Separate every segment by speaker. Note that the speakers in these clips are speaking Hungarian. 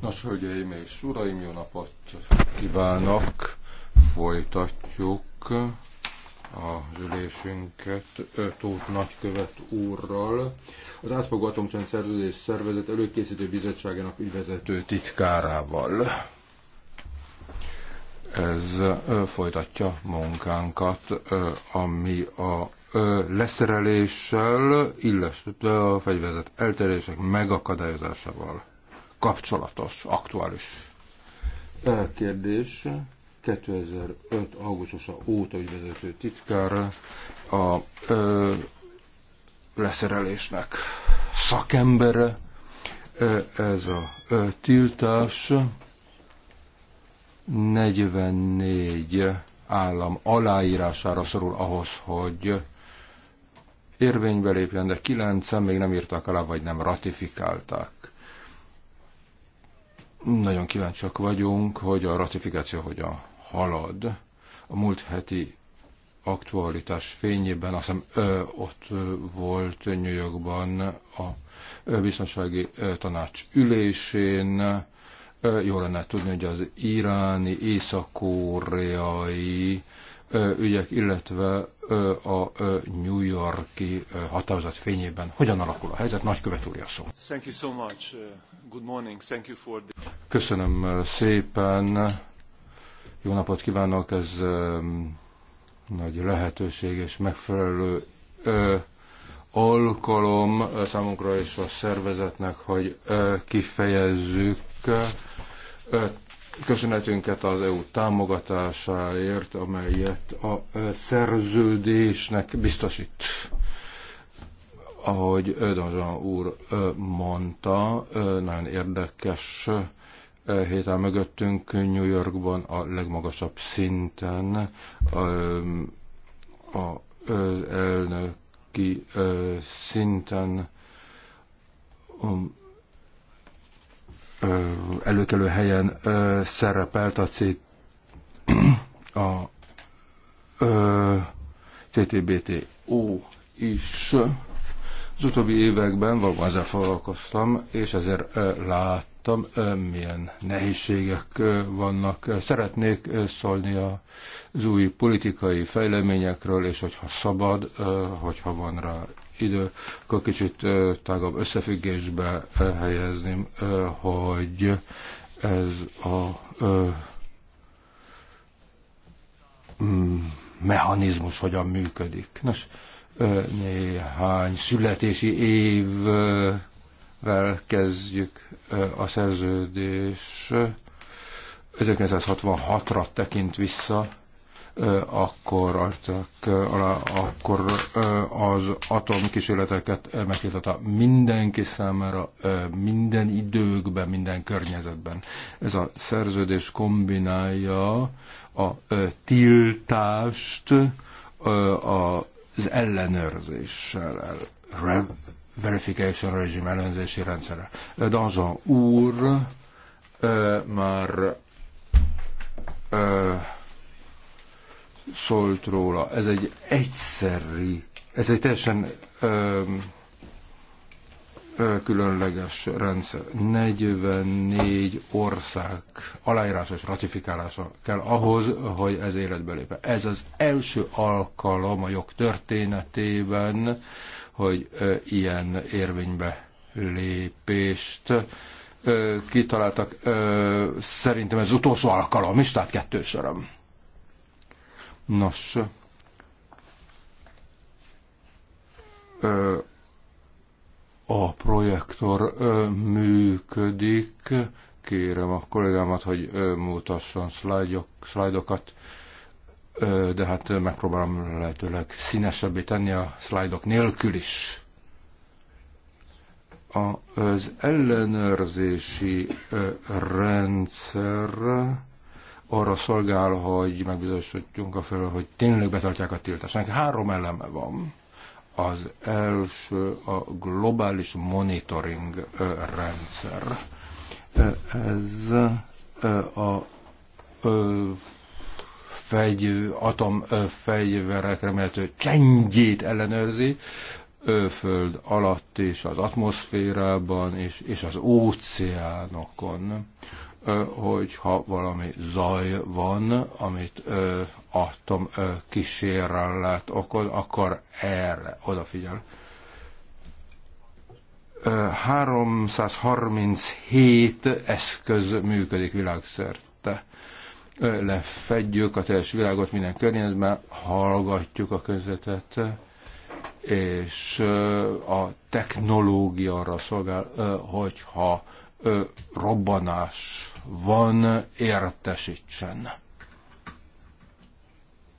Speaker 1: Nos, hölgyeim és uraim, jó napot kívánok! Folytatjuk az ülésünket Tóth Nagykövet úrral, az átfogó atomcsend szerződés szervezet előkészítő bizottságának ügyvezető titkárával. Ez folytatja munkánkat, ami a leszereléssel, illetve a fegyverzet elterések megakadályozásával kapcsolatos, aktuális kérdés. 2005. augusztusa óta ügyvezető titkára a ö, leszerelésnek szakembere. Ez a ö, tiltás 44 állam aláírására szorul ahhoz, hogy érvénybe lépjen, de kilencen még nem írtak alá, vagy nem ratifikálták. Nagyon kíváncsiak vagyunk, hogy a ratifikáció hogyan halad. A múlt heti aktualitás fényében, azt hiszem ö, ott volt New Yorkban a biztonsági tanács ülésén. Jó lenne tudni, hogy az iráni, észak-koreai ügyek, illetve a New Yorki határozat fényében. Hogyan alakul a helyzet? Nagykövet úr, a szó. so uh, Köszönöm szépen. Jó napot kívánok. Ez nagy lehetőség és megfelelő alkalom számunkra és a szervezetnek, hogy kifejezzük köszönetünket az EU támogatásáért, amelyet a e, szerződésnek biztosít. Ahogy e Danzsan úr e, mondta, nagyon érdekes héten mögöttünk New Yorkban a legmagasabb szinten a elnöki szinten um, előkelő helyen szerepelt a, C, a CTBTO is. Az utóbbi években valóban ezzel foglalkoztam, és ezért láttam, milyen nehézségek vannak. Szeretnék szólni az új politikai fejleményekről, és hogyha szabad, hogyha van rá akkor kicsit tágabb összefüggésbe helyezném, hogy ez a mm, mechanizmus hogyan működik. Nos, néhány születési évvel kezdjük a szerződés. 1966-ra tekint vissza, akkor, akkor az atomkísérleteket megtiltotta mindenki számára, minden időkben, minden környezetben. Ez a szerződés kombinálja a tiltást az ellenőrzéssel, verification regime ellenőrzési rendszerrel. Danzsa úr már szólt róla. Ez egy egyszerű, ez egy teljesen ö, ö, különleges rendszer. 44 ország aláírása és ratifikálása kell ahhoz, hogy ez életbe lépe. Ez az első alkalom a jog történetében, hogy ö, ilyen érvénybe lépést ö, kitaláltak. Ö, szerintem ez utolsó alkalom is, tehát kettős Nos, a projektor működik. Kérem a kollégámat, hogy mutasson szlájdok, szlájdokat, de hát megpróbálom lehetőleg színesebbé tenni a szlájdok nélkül is. Az ellenőrzési rendszer arra szolgál, hogy megbizonyosodjunk a felől, hogy tényleg betartják a tiltást. Ennek három eleme van. Az első a globális monitoring rendszer. Ez a fegy, fegyverek remélhető csendjét ellenőrzi, föld alatt és az atmoszférában és, és az óceánokon hogyha valami zaj van, amit atom kísérlet okoz, akkor erre odafigyel. 337 eszköz működik világszerte. Lefedjük a teljes világot minden környezetben, hallgatjuk a közvetet, és a technológia arra szolgál, hogyha robbanás van, értesítsen.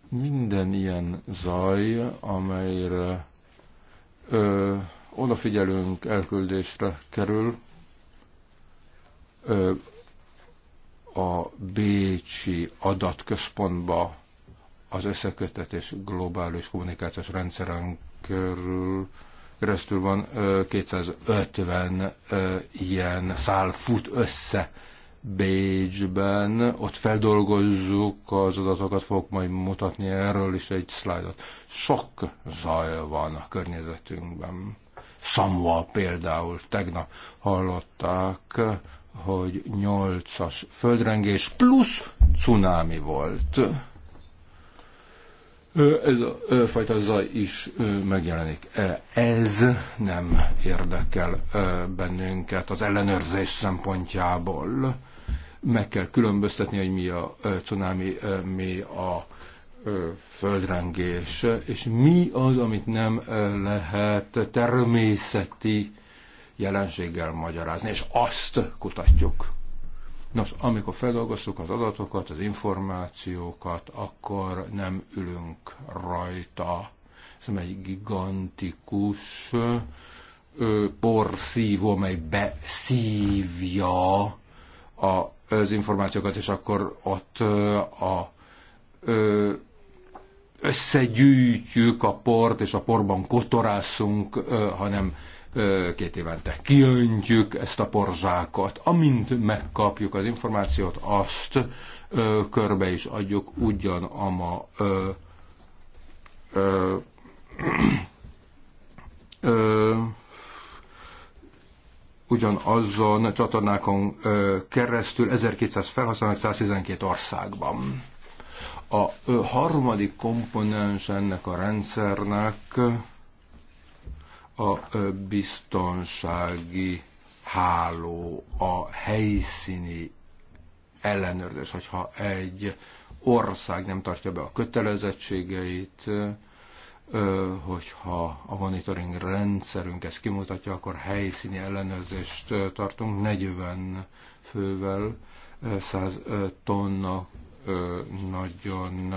Speaker 1: Minden ilyen zaj, amelyre ö, odafigyelünk, elküldésre kerül, ö, a Bécsi adatközpontba az összekötetés globális kommunikációs rendszeren körül keresztül van 250 ilyen szál fut össze Bécsben, ott feldolgozzuk az adatokat, fogok majd mutatni erről is egy szlájdot. Sok zaj van a környezetünkben. Szamval például tegnap hallották, hogy nyolcas földrengés plusz cunámi volt. Ez a fajta zaj is megjelenik. Ez nem érdekel bennünket az ellenőrzés szempontjából. Meg kell különböztetni, hogy mi a cunami, mi a földrengés, és mi az, amit nem lehet természeti jelenséggel magyarázni, és azt kutatjuk. Nos, amikor feldolgoztuk az adatokat, az információkat, akkor nem ülünk rajta. Ez egy gigantikus porszívó, mely beszívja a az információkat, és akkor ott a összegyűjtjük a port, és a porban kotorászunk, hanem két évente kiöntjük ezt a porzsákat. Amint megkapjuk az információt, azt körbe is adjuk ugyan a ma ö, ugyanazon csatornákon keresztül 1200 felhasználók 112 országban. A harmadik komponens ennek a rendszernek a biztonsági háló, a helyszíni ellenőrzés, hogyha egy ország nem tartja be a kötelezettségeit, hogyha a monitoring rendszerünk ezt kimutatja, akkor helyszíni ellenőrzést tartunk 40 fővel, 100 tonna nagyon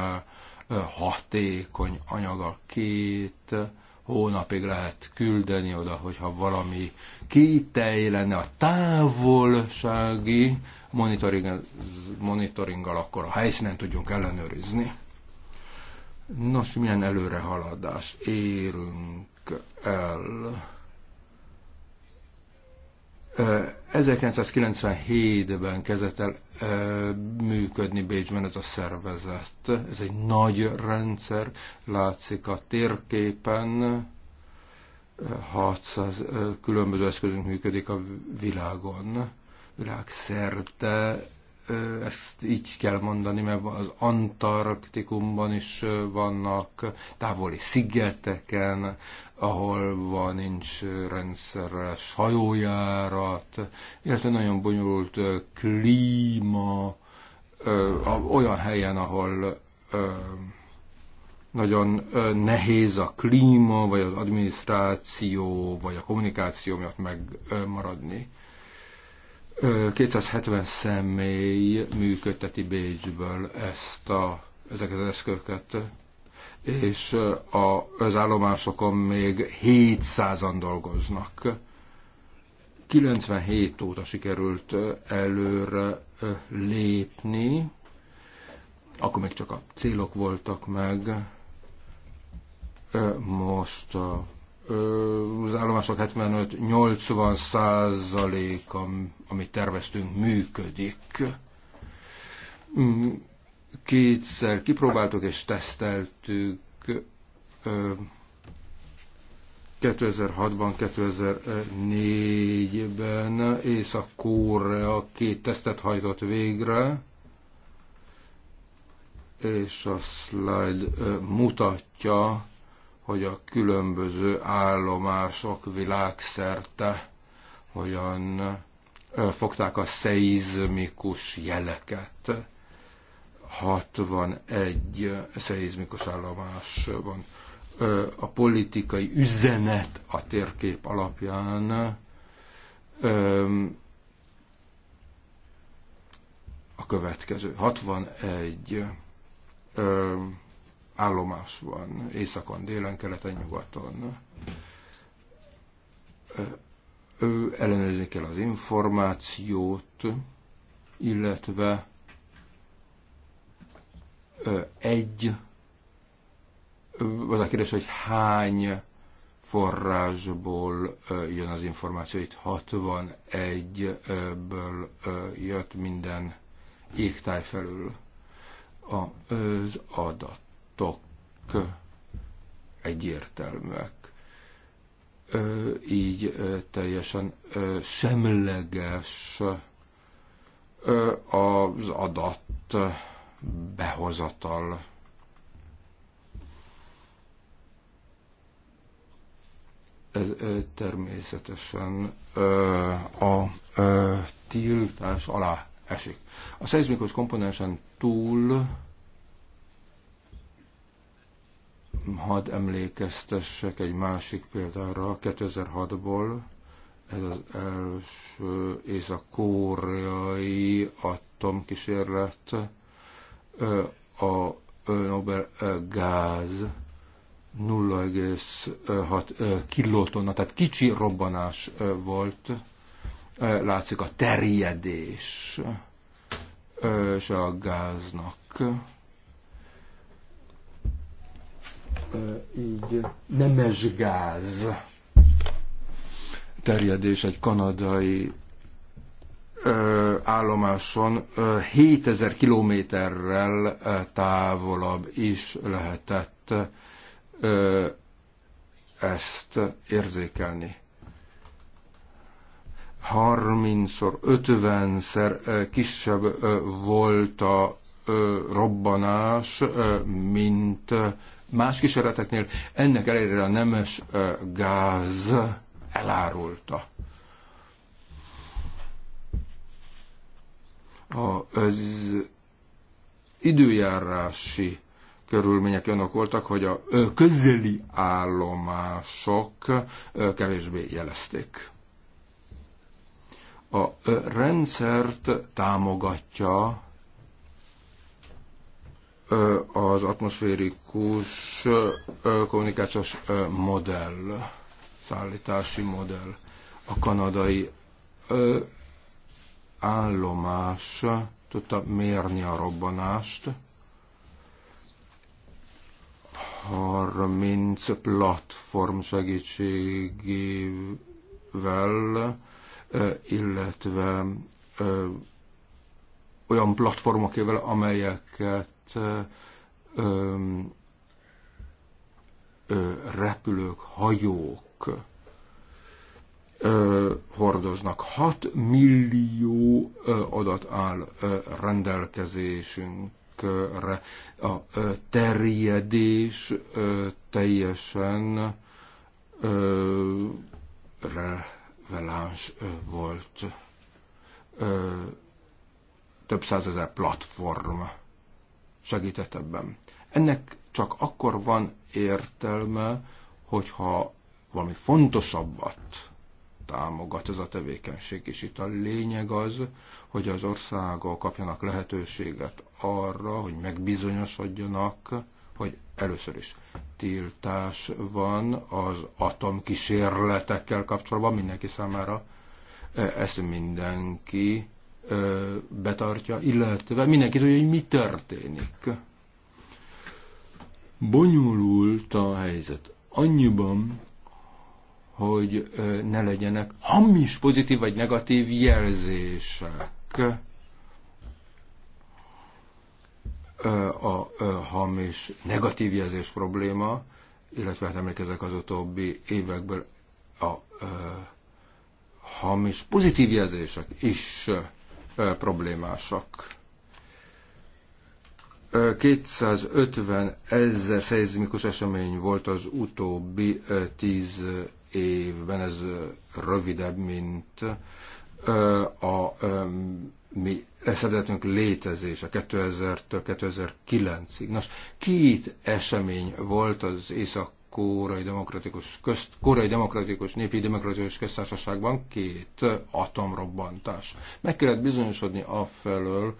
Speaker 1: hatékony anyaga két hónapig lehet küldeni oda, hogyha valami kétej lenne a távolsági monitoringgal, akkor a helyszínen tudjunk ellenőrizni. Nos, milyen előrehaladás érünk el? 1997-ben kezdett el működni Bécsben ez a szervezet. Ez egy nagy rendszer, látszik a térképen. 600 különböző eszközünk működik a világon, világszerte ezt így kell mondani, mert az Antarktikumban is vannak távoli szigeteken, ahol van nincs rendszeres hajójárat, illetve nagyon bonyolult klíma, olyan helyen, ahol nagyon nehéz a klíma, vagy az adminisztráció, vagy a kommunikáció miatt megmaradni 270 személy működteti Bécsből ezt a, ezeket az eszközöket, és a, az állomásokon még 700-an dolgoznak. 97 óta sikerült előre lépni, akkor még csak a célok voltak meg, most a az állomások 75-80 százalék, amit terveztünk, működik. Mm, kétszer kipróbáltuk és teszteltük 2006-ban, 2004-ben Észak-Korea két tesztet hajtott végre, és a slide mutatja, hogy a különböző állomások világszerte hogyan fogták a szeizmikus jeleket. 61 szeizmikus állomás van. A politikai üzenet a térkép alapján a következő. 61 állomás van északon, délen, keleten, nyugaton. Ő ellenőrizni kell az információt, illetve egy, az a kérdés, hogy hány forrásból jön az információ. Itt 61-ből jött minden égtáj felül az adat pontok egyértelműek. Így teljesen semleges az adat behozatal. Ez természetesen a tiltás alá esik. A szeizmikus komponensen túl hadd emlékeztessek egy másik példára 2006-ból, ez az első a koreai atomkísérlet, a Nobel gáz 0,6 kilotonna, tehát kicsi robbanás volt, látszik a terjedés és a gáznak így nemesgáz terjedés egy kanadai ö, állomáson ö, 7000 kilométerrel távolabb is lehetett ö, ezt érzékelni. 30-szor, 50-szer kisebb volt a robbanás, mint más kísérleteknél ennek elérére a nemes gáz elárulta. Az időjárási körülmények olyanok voltak, hogy a közeli állomások kevésbé jelezték. A rendszert támogatja az atmoszférikus kommunikációs modell, szállítási modell, a kanadai állomás tudta mérni a robbanást, 30 platform segítségével, illetve olyan platformokével, amelyeket repülők, hajók hordoznak. 6 millió adat áll rendelkezésünk A terjedés teljesen releváns volt. Több százezer platform segített ebben. Ennek csak akkor van értelme, hogyha valami fontosabbat támogat ez a tevékenység, és itt a lényeg az, hogy az országok kapjanak lehetőséget arra, hogy megbizonyosodjanak, hogy először is tiltás van az atomkísérletekkel kapcsolatban mindenki számára, ezt mindenki betartja, illetve mindenki tudja, hogy mi történik. Bonyolult a helyzet. Annyiban, hogy ne legyenek hamis pozitív vagy negatív jelzések a hamis negatív jelzés probléma, illetve hát emlékezek az utóbbi évekből a hamis pozitív jelzések is problémásak. 250 ezer szeizmikus esemény volt az utóbbi 10 évben, ez rövidebb, mint a mi szervezetünk létezése 2000-től 2009-ig. Nos, két esemény volt az észak korai demokratikus, közt, korai demokratikus népi demokratikus köztársaságban két atomrobbantás. Meg kellett bizonyosodni afelől,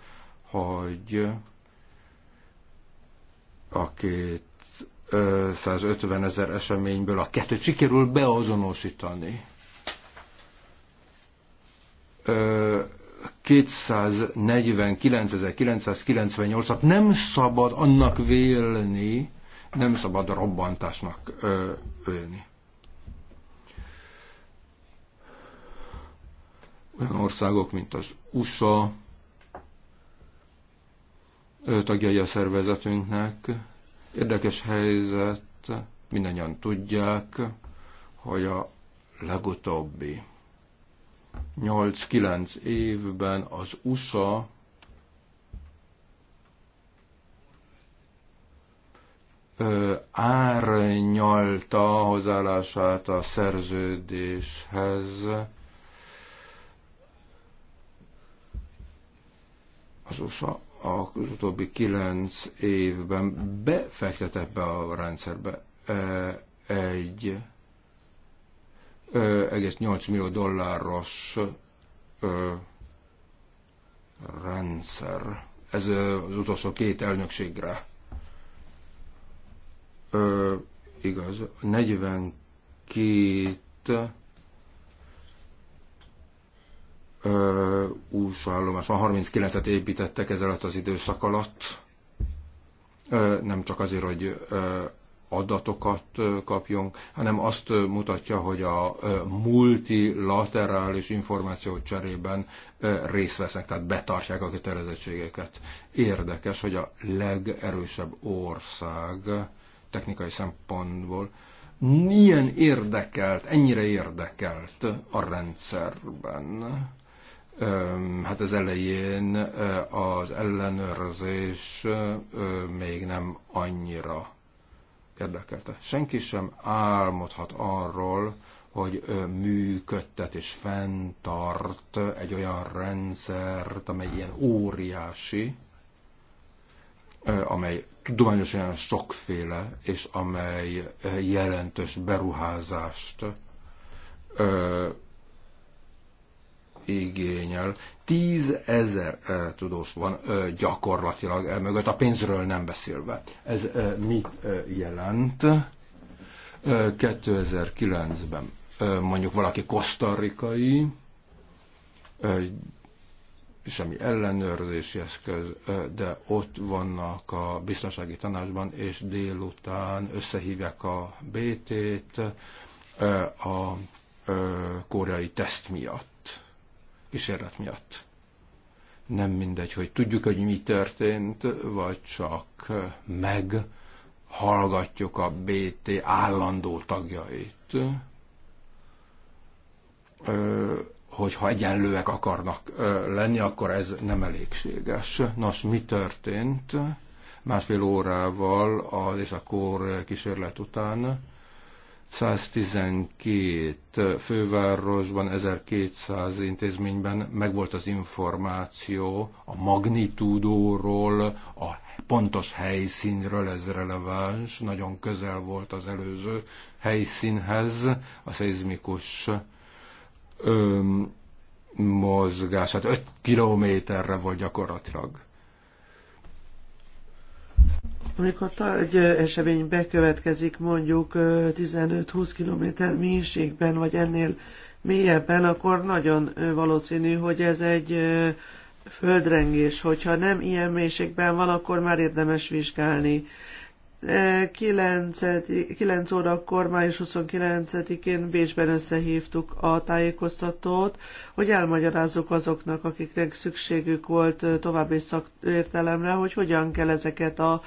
Speaker 1: hogy a két 150 ezer eseményből a kettőt sikerül beazonosítani. 249.998-at nem szabad annak vélni, nem szabad robbantásnak ö, ölni. Olyan országok, mint az USA, tagjai a szervezetünknek. Érdekes helyzet, mindannyian tudják, hogy a legutóbbi 8-9 évben az USA árnyalta hozzáállását a szerződéshez. Az USA a utóbbi kilenc évben befektetett be a rendszerbe egy 8 millió dolláros rendszer. Ez az utolsó két elnökségre Ö, igaz, 42 van 39-et építettek ez alatt az időszak alatt. Ö, nem csak azért, hogy ö, adatokat kapjunk, hanem azt mutatja, hogy a multilaterális információ cserében részt vesznek, tehát betartják a kötelezettségeket. Érdekes, hogy a legerősebb ország technikai szempontból milyen érdekelt, ennyire érdekelt a rendszerben. Hát az elején az ellenőrzés még nem annyira érdekelte. Senki sem álmodhat arról, hogy működtet és fenntart egy olyan rendszert, amely ilyen óriási, amely tudományosan sokféle, és amely eh, jelentős beruházást ö, igényel. Tízezer ö, eh, tudós van ö, gyakorlatilag ö, e mögött, a pénzről nem beszélve. Ez eh, ö, mit ö, jelent? 2009-ben mondjuk valaki kosztarikai, semmi ellenőrzési eszköz, de ott vannak a biztonsági tanácsban, és délután összehívják a BT-t a koreai teszt miatt, kísérlet miatt. Nem mindegy, hogy tudjuk, hogy mi történt, vagy csak meghallgatjuk a BT állandó tagjait hogyha egyenlőek akarnak lenni, akkor ez nem elégséges. Nos, mi történt másfél órával az észak kísérlet után? 112 fővárosban, 1200 intézményben megvolt az információ a magnitúdóról, a pontos helyszínről, ez releváns, nagyon közel volt az előző helyszínhez, a szeizmikus ö, mozgását. 5 kilométerre volt gyakorlatilag.
Speaker 2: Amikor egy esemény bekövetkezik mondjuk 15-20 km mélységben, vagy ennél mélyebben, akkor nagyon valószínű, hogy ez egy földrengés. Hogyha nem ilyen mélységben van, akkor már érdemes vizsgálni. 9, 9 órakor, május 29-én Bécsben összehívtuk a tájékoztatót, hogy elmagyarázzuk azoknak, akiknek szükségük volt további szakértelemre, hogy hogyan kell ezeket a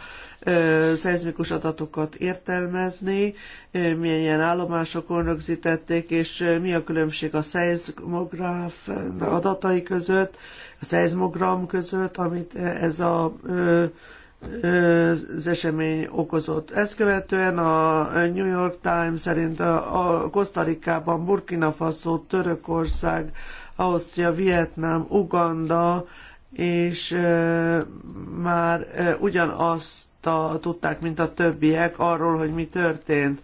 Speaker 2: szezmikus adatokat értelmezni, milyen ilyen állomásokon rögzítették, és mi a különbség a szeizmográf adatai között, a szeizmogram között, amit ez a az esemény okozott. Ezt követően a New York Times szerint a Kosztarikában, Burkina Faso, Törökország, Ausztria, Vietnám, Uganda, és már ugyanazt a, tudták, mint a többiek arról, hogy mi történt.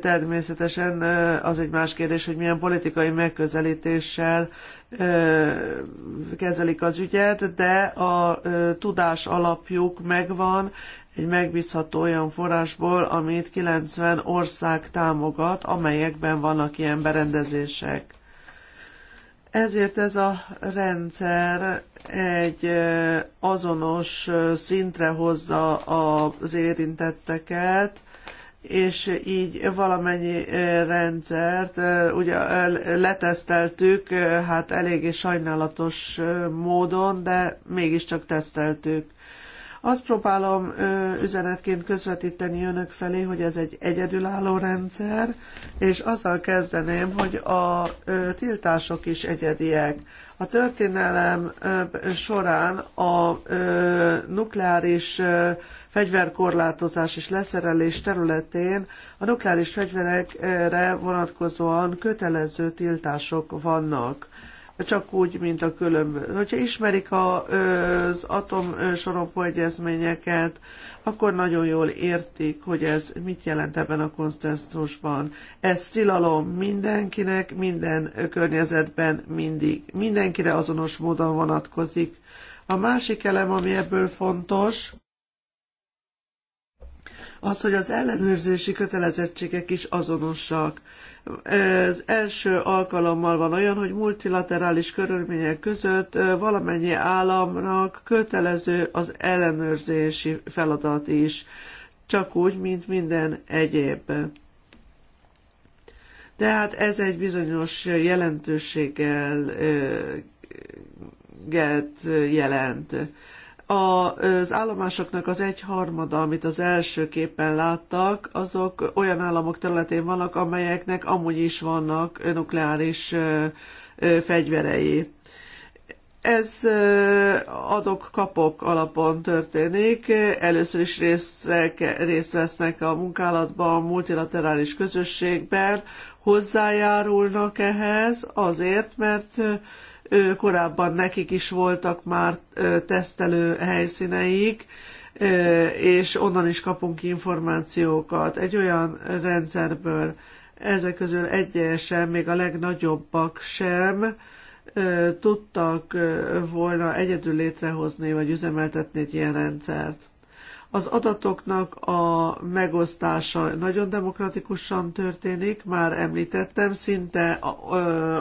Speaker 2: Természetesen az egy más kérdés, hogy milyen politikai megközelítéssel kezelik az ügyet, de a tudás alapjuk megvan egy megbízható olyan forrásból, amit 90 ország támogat, amelyekben vannak ilyen berendezések. Ezért ez a rendszer egy azonos szintre hozza az érintetteket, és így valamennyi rendszert ugye leteszteltük, hát eléggé sajnálatos módon, de mégiscsak teszteltük. Azt próbálom üzenetként közvetíteni önök felé, hogy ez egy egyedülálló rendszer, és azzal kezdeném, hogy a tiltások is egyediek. A történelem során a nukleáris fegyverkorlátozás és leszerelés területén a nukleáris fegyverekre vonatkozóan kötelező tiltások vannak csak úgy, mint a különböző. Hogyha ismerik a, az atomsorompó egyezményeket, akkor nagyon jól értik, hogy ez mit jelent ebben a konszenzusban. Ez tilalom mindenkinek, minden környezetben, mindig. Mindenkire azonos módon vonatkozik. A másik elem, ami ebből fontos, az, hogy az ellenőrzési kötelezettségek is azonosak. Ez első alkalommal van olyan, hogy multilaterális körülmények között valamennyi államnak kötelező az ellenőrzési feladat is, csak úgy, mint minden egyéb. Tehát ez egy bizonyos jelentőséggel jelent az állomásoknak az egyharmada, amit az első képen láttak, azok olyan államok területén vannak, amelyeknek amúgy is vannak nukleáris fegyverei. Ez adok-kapok alapon történik. Először is részt, részt vesznek a munkálatban, a multilaterális közösségben, hozzájárulnak ehhez azért, mert korábban nekik is voltak már tesztelő helyszíneik, és onnan is kapunk információkat egy olyan rendszerből. Ezek közül sem, még a legnagyobbak sem tudtak volna egyedül létrehozni vagy üzemeltetni egy ilyen rendszert. Az adatoknak a megosztása nagyon demokratikusan történik, már említettem, szinte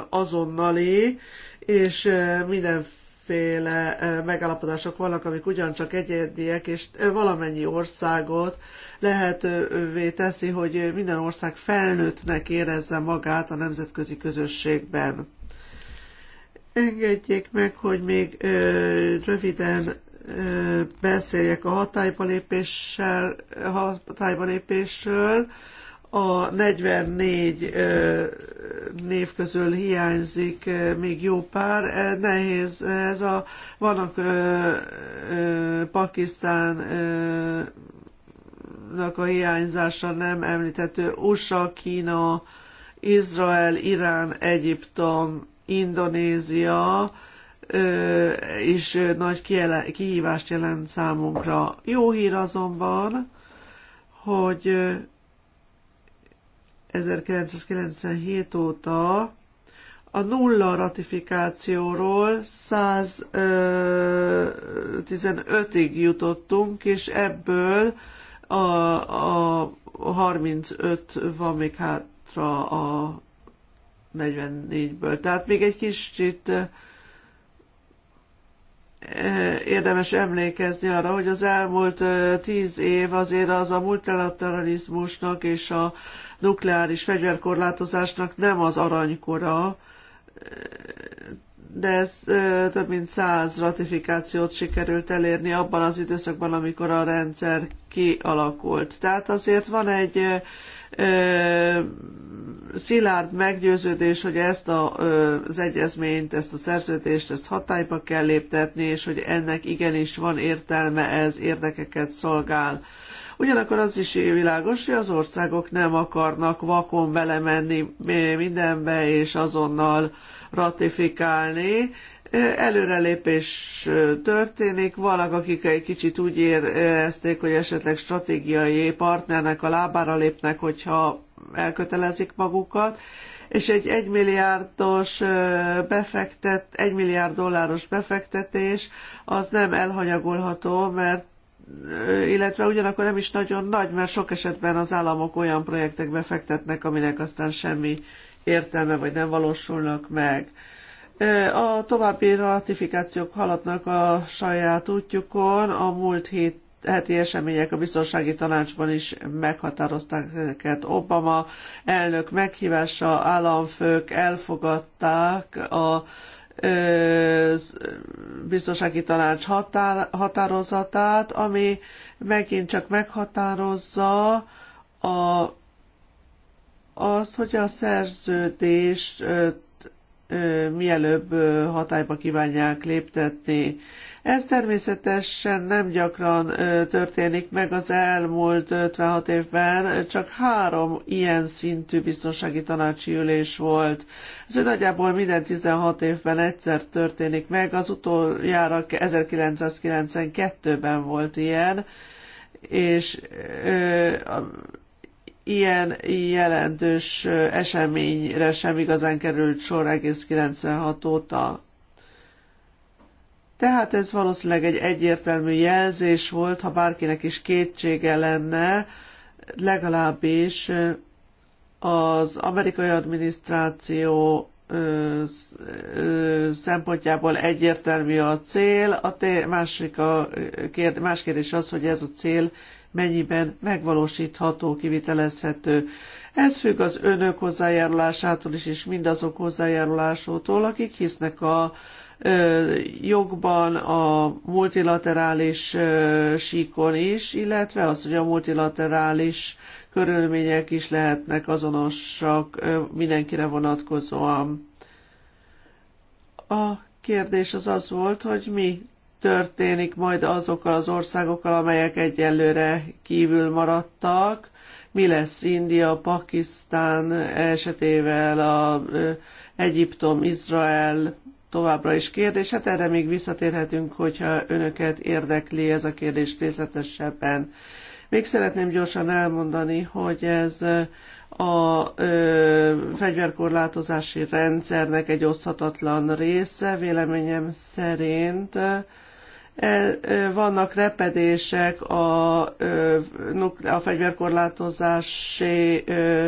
Speaker 2: azonnali, és mindenféle megállapodások vannak, amik ugyancsak egyediek, és valamennyi országot lehetővé teszi, hogy minden ország felnőttnek érezze magát a nemzetközi közösségben. Engedjék meg, hogy még röviden beszéljek a hatályba, lépéssel, hatályba lépésről. A 44 név közül hiányzik még jó pár. Nehéz ez a... Vannak Pakisztán a hiányzása nem említhető USA, Kína, Izrael, Irán, Egyiptom, Indonézia, is nagy kihívást jelent számunkra. Jó hír azonban, hogy 1997 óta a nulla ratifikációról 115-ig jutottunk, és ebből a, a 35 van még hátra a 44-ből. Tehát még egy kicsit érdemes emlékezni arra, hogy az elmúlt tíz év azért az a multilateralizmusnak és a nukleáris fegyverkorlátozásnak nem az aranykora, de ez több mint száz ratifikációt sikerült elérni abban az időszakban, amikor a rendszer kialakult. Tehát azért van egy szilárd meggyőződés, hogy ezt a, az egyezményt, ezt a szerződést, ezt hatályba kell léptetni, és hogy ennek igenis van értelme, ez érdekeket szolgál. Ugyanakkor az is világos, hogy az országok nem akarnak vakon belemenni mindenbe és azonnal ratifikálni, Előrelépés történik, vannak akik egy kicsit úgy érezték, hogy esetleg stratégiai partnernek a lábára lépnek, hogyha elkötelezik magukat, és egy 1 milliárdos befektet, 1 milliárd dolláros befektetés az nem elhanyagolható, mert illetve ugyanakkor nem is nagyon nagy, mert sok esetben az államok olyan projektekbe fektetnek, aminek aztán semmi értelme, vagy nem valósulnak meg. A további ratifikációk haladnak a saját útjukon. A múlt hét heti események a biztonsági tanácsban is meghatározták ezeket. Obama elnök meghívása, államfők elfogadták a biztonsági tanács határ, határozatát, ami megint csak meghatározza a, azt, hogy a szerződést mielőbb hatályba kívánják léptetni. Ez természetesen nem gyakran történik meg az elmúlt 56 évben, csak három ilyen szintű biztonsági tanácsi ülés volt. Ez nagyjából minden 16 évben egyszer történik meg, az utoljára 1992-ben volt ilyen, és ilyen jelentős eseményre sem igazán került sor egész 96 óta. Tehát ez valószínűleg egy egyértelmű jelzés volt, ha bárkinek is kétsége lenne, legalábbis az amerikai adminisztráció szempontjából egyértelmű a cél, a másik a kérd, más kérdés az, hogy ez a cél mennyiben megvalósítható, kivitelezhető. Ez függ az önök hozzájárulásától is, és mindazok hozzájárulásától, akik hisznek a ö, jogban, a multilaterális ö, síkon is, illetve az, hogy a multilaterális körülmények is lehetnek azonosak ö, mindenkire vonatkozóan. A kérdés az az volt, hogy mi történik majd azokkal az országokkal, amelyek egyelőre kívül maradtak, mi lesz India, Pakisztán esetével, a, Egyiptom, Izrael továbbra is kérdés. Hát erre még visszatérhetünk, hogyha önöket érdekli ez a kérdés részletesebben. Még szeretném gyorsan elmondani, hogy ez a ö, fegyverkorlátozási rendszernek egy oszhatatlan része, véleményem szerint. Ö, vannak repedések a, a fegyverkorlátozási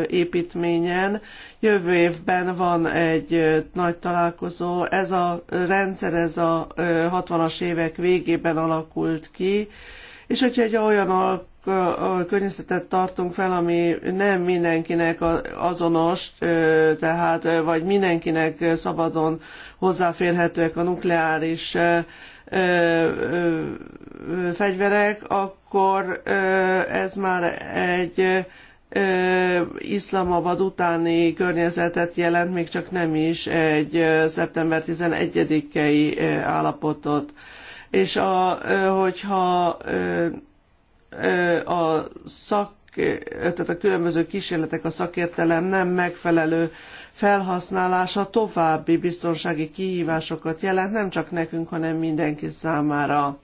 Speaker 2: építményen. Jövő évben van egy nagy találkozó. Ez a rendszer, ez a 60-as évek végében alakult ki, és hogyha egy olyan a környezetet tartunk fel, ami nem mindenkinek azonos, tehát vagy mindenkinek szabadon hozzáférhetőek a nukleáris fegyverek, akkor ez már egy Iszlamabad utáni környezetet jelent, még csak nem is egy szeptember 11-i állapotot. És a, hogyha a szak, tehát a különböző kísérletek, a szakértelem nem megfelelő felhasználása további biztonsági kihívásokat jelent, nem csak nekünk, hanem mindenki számára.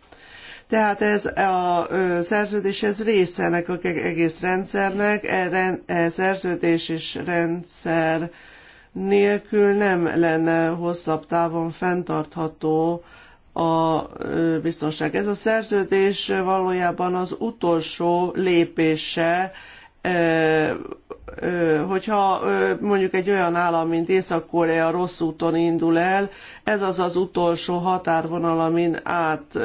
Speaker 2: Tehát ez a szerződés ez része ennek az egész rendszernek, e, e szerződés és rendszer nélkül nem lenne hosszabb távon fenntartható a biztonság. Ez a szerződés valójában az utolsó lépése hogyha mondjuk egy olyan állam, mint Észak-Korea rossz úton indul el, ez az az utolsó határvonal, amin át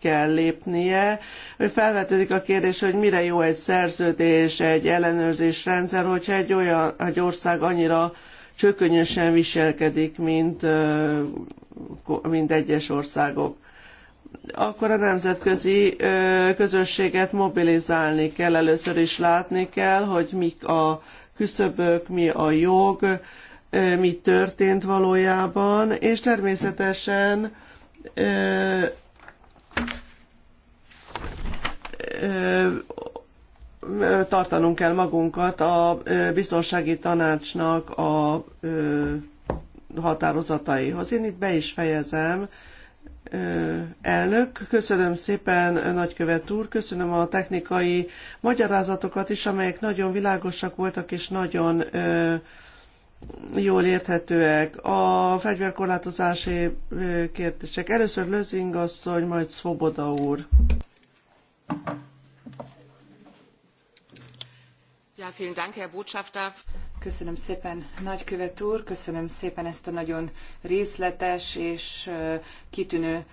Speaker 2: kell lépnie. Felvetődik a kérdés, hogy mire jó egy szerződés, egy ellenőrzés rendszer, hogyha egy olyan egy ország annyira csökönyösen viselkedik, mint, mint egyes országok akkor a nemzetközi közösséget mobilizálni kell. Először is látni kell, hogy mik a küszöbök, mi a jog, mi történt valójában, és természetesen tartanunk kell magunkat a biztonsági tanácsnak a határozataihoz. Én itt be is fejezem elnök, köszönöm szépen nagykövet úr, köszönöm a technikai magyarázatokat is, amelyek nagyon világosak voltak és nagyon jól érthetőek. A fegyverkorlátozási kérdések. Először Lözing asszony, majd Szoboda úr.
Speaker 3: Ja, vielen Dank, Herr Botschafter. Köszönöm szépen, nagykövet úr, köszönöm szépen ezt a nagyon részletes és kitűnő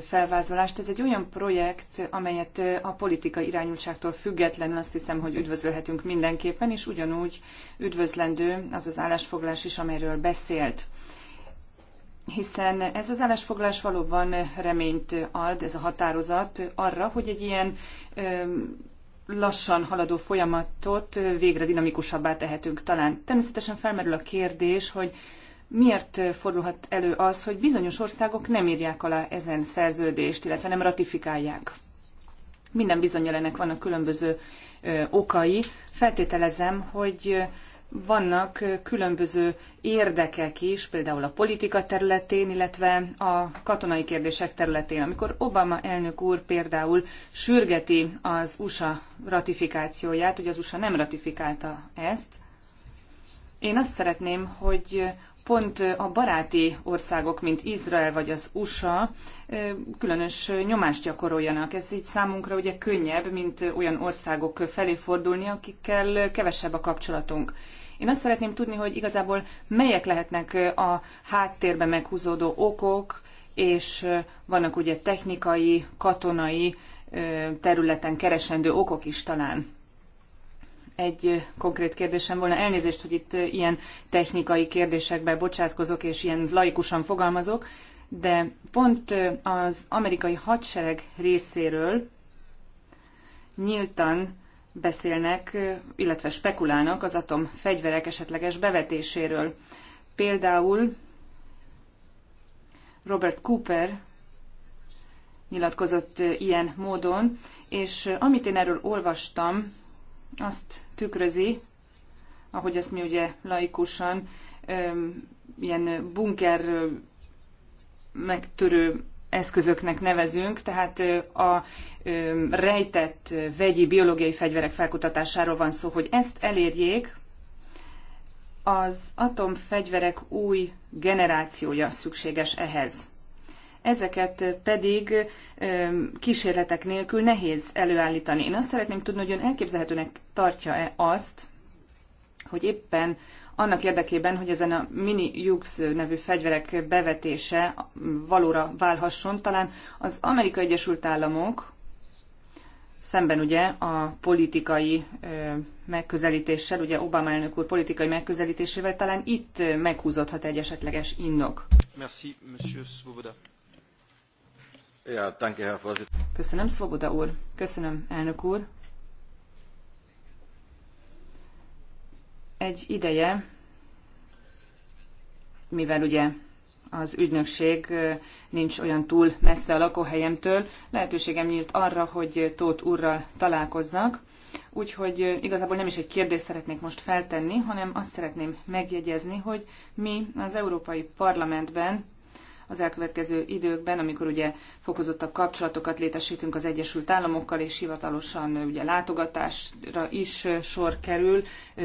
Speaker 3: felvázolást. Ez egy olyan projekt, amelyet a politika irányultságtól függetlenül azt hiszem, hogy üdvözölhetünk mindenképpen, és ugyanúgy üdvözlendő az az állásfoglás is, amelyről beszélt hiszen ez az állásfoglás valóban reményt ad, ez a határozat arra, hogy egy ilyen lassan haladó folyamatot végre dinamikusabbá tehetünk talán. Természetesen felmerül a kérdés, hogy miért fordulhat elő az, hogy bizonyos országok nem írják alá ezen szerződést, illetve nem ratifikálják. Minden bizonyal ennek vannak különböző ö, okai. Feltételezem, hogy ö, vannak különböző érdekek is, például a politika területén, illetve a katonai kérdések területén. Amikor Obama elnök úr például sürgeti az USA ratifikációját, ugye az USA nem ratifikálta ezt, én azt szeretném, hogy pont a baráti országok, mint Izrael vagy az USA különös nyomást gyakoroljanak. Ez így számunkra ugye könnyebb, mint olyan országok felé fordulni, akikkel kevesebb a kapcsolatunk. Én azt szeretném tudni, hogy igazából melyek lehetnek a háttérben meghúzódó okok, és vannak ugye technikai, katonai területen keresendő okok is talán. Egy konkrét kérdésem volna, elnézést, hogy itt ilyen technikai kérdésekbe bocsátkozok, és ilyen laikusan fogalmazok, de pont az amerikai hadsereg részéről nyíltan beszélnek, illetve spekulálnak az atomfegyverek esetleges bevetéséről. Például Robert Cooper nyilatkozott ilyen módon, és amit én erről olvastam, azt tükrözi, ahogy azt mi ugye laikusan ilyen bunker megtörő eszközöknek nevezünk, tehát a rejtett vegyi biológiai fegyverek felkutatásáról van szó, hogy ezt elérjék, az atomfegyverek új generációja szükséges ehhez. Ezeket pedig kísérletek nélkül nehéz előállítani. Én azt szeretném tudni, hogy ön elképzelhetőnek tartja-e azt, hogy éppen annak érdekében, hogy ezen a mini Jux nevű fegyverek bevetése valóra válhasson, talán az Amerikai Egyesült Államok szemben ugye a politikai megközelítéssel, ugye Obama elnök úr politikai megközelítésével talán itt meghúzódhat egy esetleges indok.
Speaker 1: Merci, Monsieur Svoboda. Ja, danke, Herr
Speaker 3: Köszönöm, Svoboda úr. Köszönöm, elnök úr. Egy ideje, mivel ugye az ügynökség nincs olyan túl messze a lakóhelyemtől, lehetőségem nyílt arra, hogy Tóth úrral találkoznak, Úgyhogy igazából nem is egy kérdést szeretnék most feltenni, hanem azt szeretném megjegyezni, hogy mi az Európai Parlamentben az elkövetkező időkben, amikor ugye fokozottabb kapcsolatokat létesítünk az Egyesült Államokkal, és hivatalosan ugye látogatásra is sor kerül,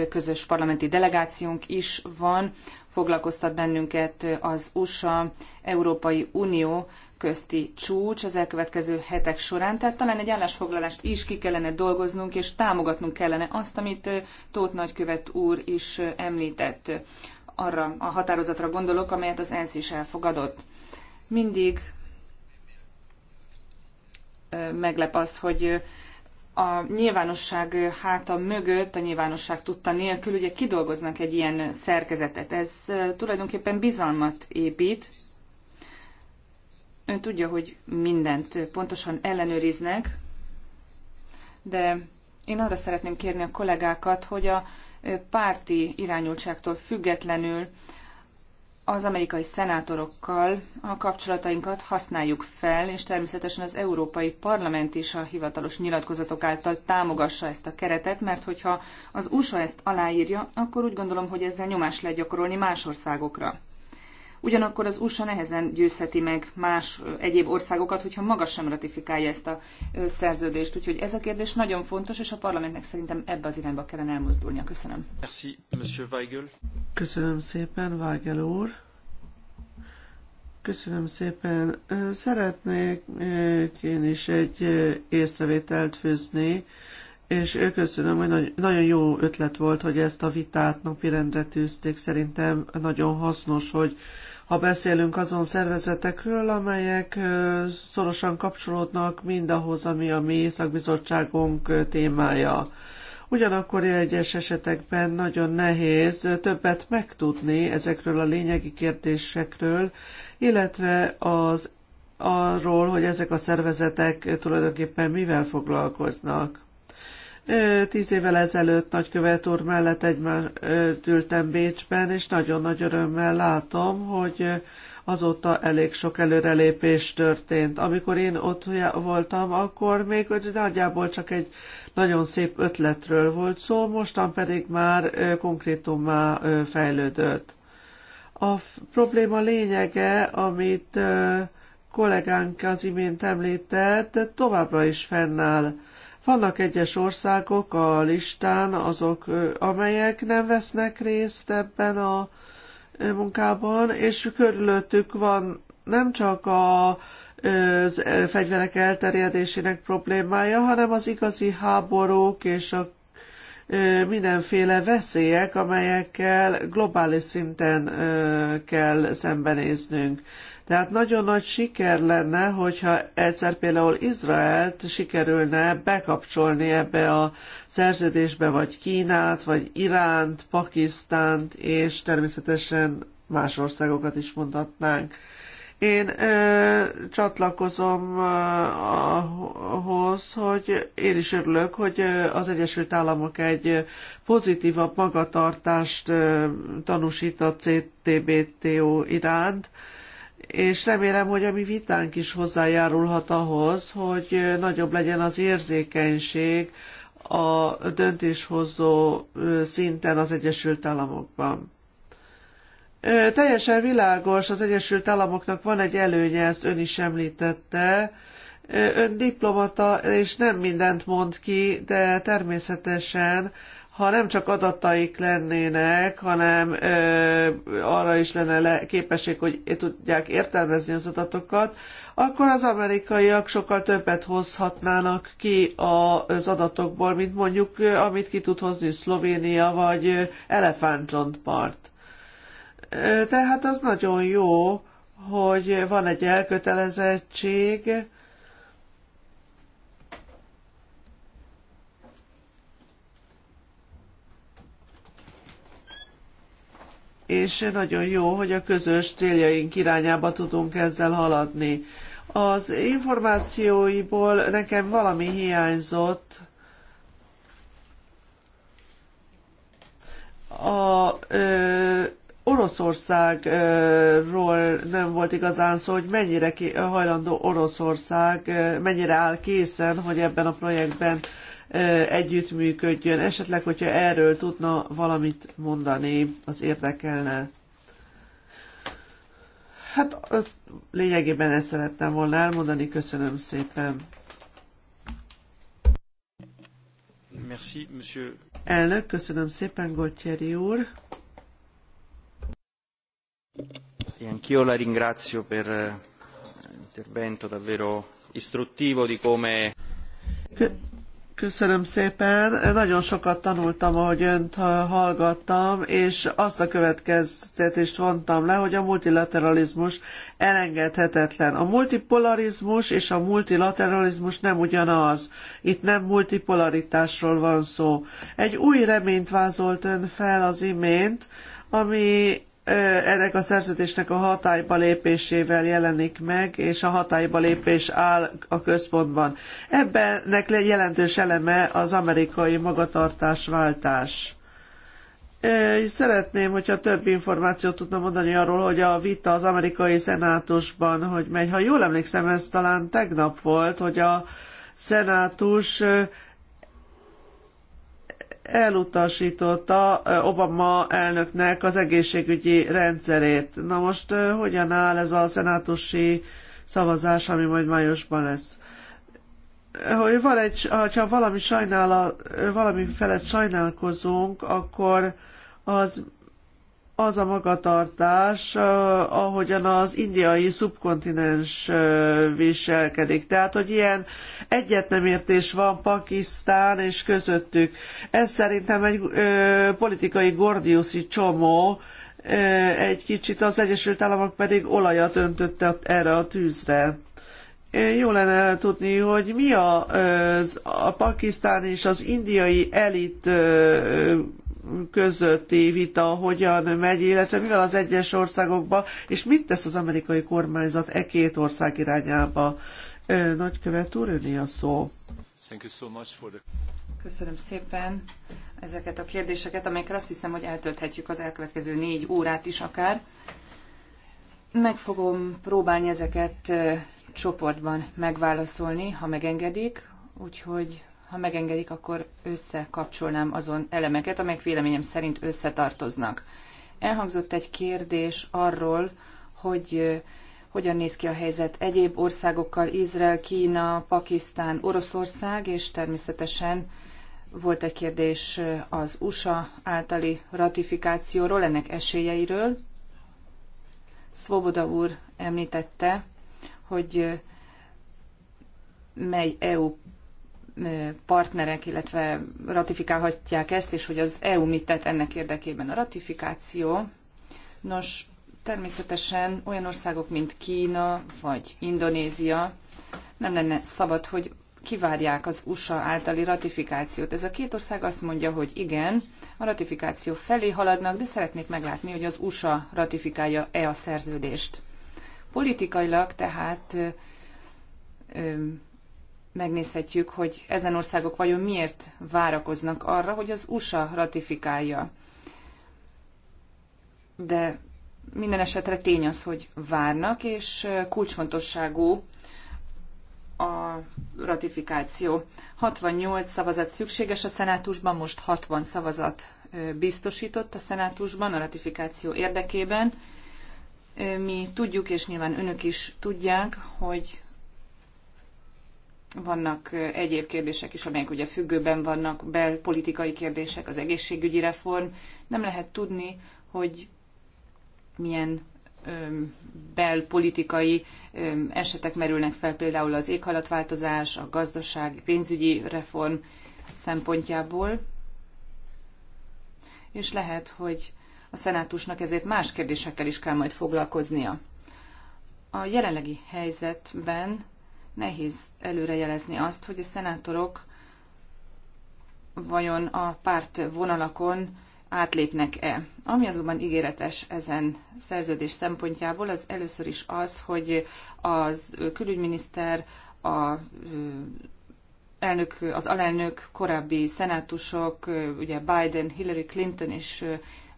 Speaker 3: közös parlamenti delegációnk is van, foglalkoztat bennünket az USA, Európai Unió közti csúcs az elkövetkező hetek során, tehát talán egy állásfoglalást is ki kellene dolgoznunk, és támogatnunk kellene azt, amit Tóth Nagykövet úr is említett. Arra a határozatra gondolok, amelyet az ENSZ is elfogadott mindig meglep az, hogy a nyilvánosság háta mögött, a nyilvánosság tudta nélkül ugye kidolgoznak egy ilyen szerkezetet. Ez tulajdonképpen bizalmat épít. Ön tudja, hogy mindent pontosan ellenőriznek, de én arra szeretném kérni a kollégákat, hogy a párti irányultságtól függetlenül az amerikai szenátorokkal a kapcsolatainkat használjuk fel, és természetesen az Európai Parlament is a hivatalos nyilatkozatok által támogassa ezt a keretet, mert hogyha az USA ezt aláírja, akkor úgy gondolom, hogy ezzel nyomást lehet gyakorolni más országokra. Ugyanakkor az USA nehezen győzheti meg más egyéb országokat, hogyha maga sem ratifikálja ezt a szerződést. Úgyhogy ez a kérdés nagyon fontos, és a parlamentnek szerintem ebbe az irányba kellene elmozdulnia. Köszönöm. Merci, Monsieur
Speaker 1: Weigel.
Speaker 2: Köszönöm szépen, Weigel úr. Köszönöm szépen. Szeretnék én is egy észrevételt fűzni, és köszönöm, hogy nagyon jó ötlet volt, hogy ezt a vitát napirendre tűzték. Szerintem nagyon hasznos, hogy ha beszélünk azon szervezetekről, amelyek szorosan kapcsolódnak mindahhoz, ami a mi szakbizottságunk témája. Ugyanakkor egyes esetekben nagyon nehéz többet megtudni ezekről a lényegi kérdésekről, illetve az arról, hogy ezek a szervezetek tulajdonképpen mivel foglalkoznak. Tíz évvel ezelőtt nagykövet úr mellett egymást ültem Bécsben, és nagyon nagy örömmel látom, hogy azóta elég sok előrelépés történt. Amikor én ott voltam, akkor még nagyjából csak egy nagyon szép ötletről volt szó, mostan pedig már konkrétummá fejlődött. A probléma lényege, amit kollégánk az imént említett, továbbra is fennáll vannak egyes országok a listán, azok, amelyek nem vesznek részt ebben a munkában, és körülöttük van nem csak a az fegyverek elterjedésének problémája, hanem az igazi háborúk és a mindenféle veszélyek, amelyekkel globális szinten kell szembenéznünk. Tehát nagyon nagy siker lenne, hogyha egyszer például Izraelt sikerülne bekapcsolni ebbe a szerződésbe, vagy Kínát, vagy Iránt, Pakisztánt, és természetesen más országokat is mondhatnánk. Én ö, csatlakozom ö, ahhoz, hogy én is örülök, hogy az Egyesült Államok egy pozitívabb magatartást ö, tanúsít a CTBTO iránt, ö, és remélem, hogy a mi vitánk is hozzájárulhat ahhoz, hogy nagyobb legyen az érzékenység a döntéshozó szinten az Egyesült Államokban. Teljesen világos, az Egyesült Államoknak van egy előnye, ezt ön is említette. Ön diplomata, és nem mindent mond ki, de természetesen ha nem csak adataik lennének, hanem ö, arra is lenne le, képesség, hogy tudják értelmezni az adatokat, akkor az amerikaiak sokkal többet hozhatnának ki az adatokból, mint mondjuk, amit ki tud hozni Szlovénia vagy part. Tehát az nagyon jó, hogy van egy elkötelezettség, és nagyon jó, hogy a közös céljaink irányába tudunk ezzel haladni. Az információiból nekem valami hiányzott, a ö, Oroszországról nem volt igazán szó, hogy mennyire ki, hajlandó Oroszország, mennyire áll készen, hogy ebben a projektben együttműködjön. Esetleg, hogyha erről tudna valamit mondani, az érdekelne. Hát lényegében ezt szerettem volna elmondani. Köszönöm szépen. Merci, monsieur. Elnök, köszönöm szépen, Gottyeri úr. Anch'io la ringrazio per eh, l'intervento davvero istruttivo di come... Köszönöm szépen. Nagyon sokat tanultam, ahogy önt hallgattam, és azt a következtetést vontam le, hogy a multilateralizmus elengedhetetlen. A multipolarizmus és a multilateralizmus nem ugyanaz. Itt nem multipolaritásról van szó. Egy új reményt vázolt ön fel az imént, ami ennek a szerződésnek a hatályba lépésével jelenik meg, és a hatályba lépés áll a központban. Ebbennek jelentős eleme az amerikai magatartásváltás. Szeretném, hogyha több információt tudna mondani arról, hogy a vita az amerikai szenátusban, hogy megy. Ha jól emlékszem, ez talán tegnap volt, hogy a szenátus elutasította Obama elnöknek az egészségügyi rendszerét. Na most hogyan áll ez a szenátusi szavazás, ami majd májusban lesz? Hogy van egy, ha valami, sajnál, valami felett sajnálkozunk, akkor az az a magatartás, ahogyan az indiai szubkontinens viselkedik. Tehát, hogy ilyen egyetemértés van Pakisztán és közöttük. Ez szerintem egy ö, politikai gordiuszi csomó, ö, egy kicsit az Egyesült Államok pedig olajat öntötte erre a tűzre. Jó lenne tudni, hogy mi a, a pakisztáni és az indiai elit közötti vita hogyan megy, illetve mivel az egyes országokba, és mit tesz az amerikai kormányzat e két ország irányába. Nagykövet úr, öné a szó.
Speaker 3: Köszönöm szépen ezeket a kérdéseket, amelyekkel azt hiszem, hogy eltölthetjük az elkövetkező négy órát is akár. Meg fogom próbálni ezeket csoportban megválaszolni, ha megengedik, úgyhogy ha megengedik, akkor összekapcsolnám azon elemeket, amelyek véleményem szerint összetartoznak. Elhangzott egy kérdés arról, hogy hogyan néz ki a helyzet egyéb országokkal, Izrael, Kína, Pakisztán, Oroszország, és természetesen volt egy kérdés az USA általi ratifikációról, ennek esélyeiről. Svoboda úr említette, hogy mely EU partnerek, illetve ratifikálhatják ezt, és hogy az EU mit tett ennek érdekében a ratifikáció. Nos, természetesen olyan országok, mint Kína vagy Indonézia nem lenne szabad, hogy kivárják az USA általi ratifikációt. Ez a két ország azt mondja, hogy igen, a ratifikáció felé haladnak, de szeretnék meglátni, hogy az USA ratifikálja-e a szerződést. Politikailag tehát megnézhetjük, hogy ezen országok vajon miért várakoznak arra, hogy az USA ratifikálja. De minden esetre tény az, hogy várnak, és kulcsfontosságú a ratifikáció. 68 szavazat szükséges a szenátusban, most 60 szavazat biztosított a szenátusban a ratifikáció érdekében. Mi tudjuk, és nyilván önök is tudják, hogy vannak egyéb kérdések is, amelyek ugye függőben vannak, belpolitikai kérdések, az egészségügyi reform. Nem lehet tudni, hogy milyen belpolitikai esetek merülnek fel, például az éghajlatváltozás, a gazdaság, pénzügyi reform szempontjából. És lehet, hogy a szenátusnak ezért más kérdésekkel is kell majd foglalkoznia. A jelenlegi helyzetben Nehéz előrejelezni azt, hogy a szenátorok vajon a párt vonalakon átlépnek-e. Ami azonban ígéretes ezen szerződés szempontjából, az először is az, hogy az külügyminiszter, a elnök, az alelnök, korábbi szenátusok, ugye Biden, Hillary Clinton és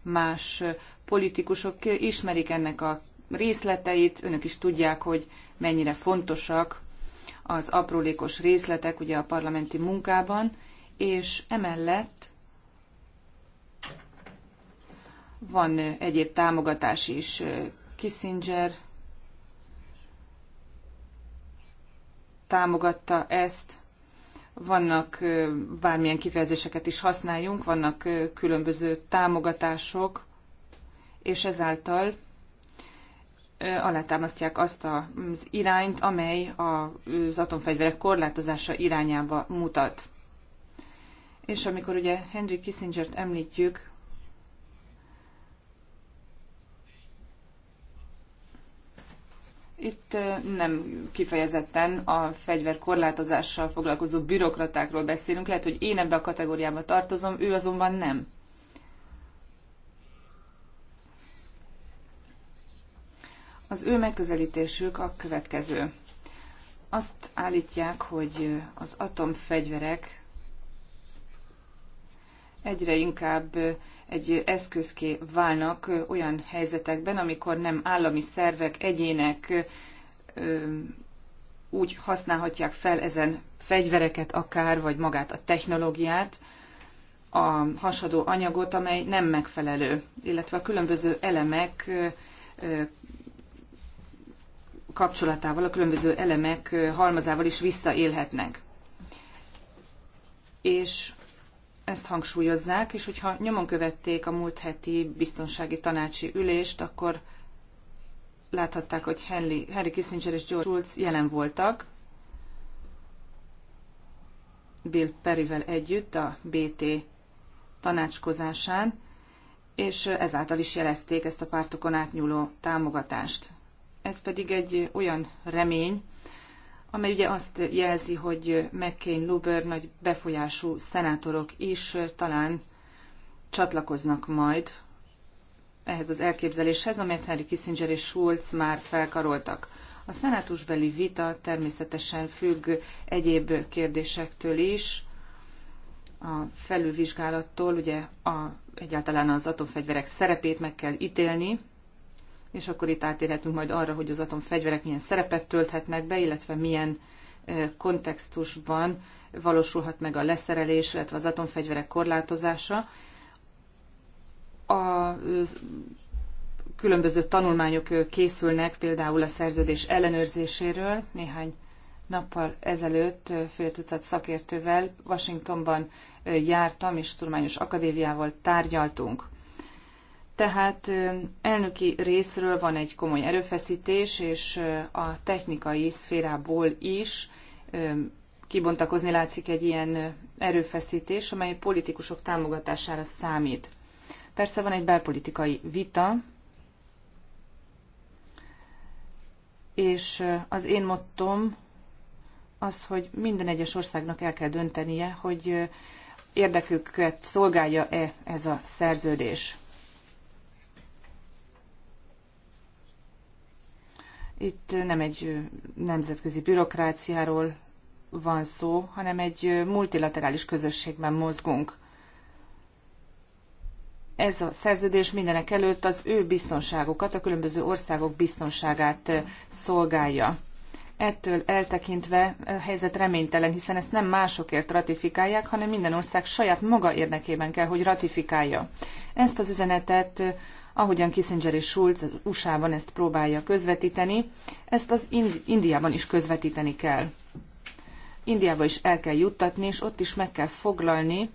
Speaker 3: más politikusok ismerik ennek a részleteit, önök is tudják, hogy mennyire fontosak az aprólékos részletek ugye a parlamenti munkában, és emellett van egyéb támogatás is. Kissinger támogatta ezt, vannak bármilyen kifejezéseket is használjunk, vannak különböző támogatások, és ezáltal alátámasztják azt az irányt, amely az atomfegyverek korlátozása irányába mutat. És amikor ugye Henry Kissinger-t említjük, Itt nem kifejezetten a korlátozással foglalkozó bürokratákról beszélünk, lehet, hogy én ebbe a kategóriába tartozom, ő azonban nem. Az ő megközelítésük a következő. Azt állítják, hogy az atomfegyverek egyre inkább egy eszközké válnak olyan helyzetekben, amikor nem állami szervek, egyének úgy használhatják fel ezen fegyvereket akár, vagy magát a technológiát, a hasadó anyagot, amely nem megfelelő, illetve a különböző elemek kapcsolatával, a különböző elemek halmazával is visszaélhetnek. És ezt hangsúlyoznák, és hogyha nyomon követték a múlt heti biztonsági tanácsi ülést, akkor láthatták, hogy Henry, Henry Kissinger és George Schultz jelen voltak, Bill Perryvel együtt a BT tanácskozásán, és ezáltal is jelezték ezt a pártokon átnyúló támogatást. Ez pedig egy olyan remény, amely ugye azt jelzi, hogy McCain, Luber nagy befolyású szenátorok is talán csatlakoznak majd ehhez az elképzeléshez, amelyet Henry Kissinger és Schulz már felkaroltak. A szenátusbeli vita természetesen függ egyéb kérdésektől is, a felülvizsgálattól, ugye a, egyáltalán az atomfegyverek szerepét meg kell ítélni, és akkor itt átérhetünk majd arra, hogy az atomfegyverek milyen szerepet tölthetnek be, illetve milyen kontextusban valósulhat meg a leszerelés, illetve az atomfegyverek korlátozása. A különböző tanulmányok készülnek, például a szerződés ellenőrzéséről. Néhány nappal ezelőtt fél tucat szakértővel Washingtonban jártam, és tudományos akadémiával tárgyaltunk. Tehát elnöki részről van egy komoly erőfeszítés, és a technikai szférából is kibontakozni látszik egy ilyen erőfeszítés, amely politikusok támogatására számít. Persze van egy belpolitikai vita, és az én mottom az, hogy minden egyes országnak el kell döntenie, hogy érdeküket szolgálja-e ez a szerződés. Itt nem egy nemzetközi bürokráciáról van szó, hanem egy multilaterális közösségben mozgunk. Ez a szerződés mindenek előtt az ő biztonságokat, a különböző országok biztonságát szolgálja. Ettől eltekintve a helyzet reménytelen, hiszen ezt nem másokért ratifikálják, hanem minden ország saját maga érdekében kell, hogy ratifikálja. Ezt az üzenetet ahogyan Kissinger és Schulz az USA-ban ezt próbálja közvetíteni, ezt az Indi- Indiában is közvetíteni kell. Indiába is el kell juttatni, és ott is meg kell foglalni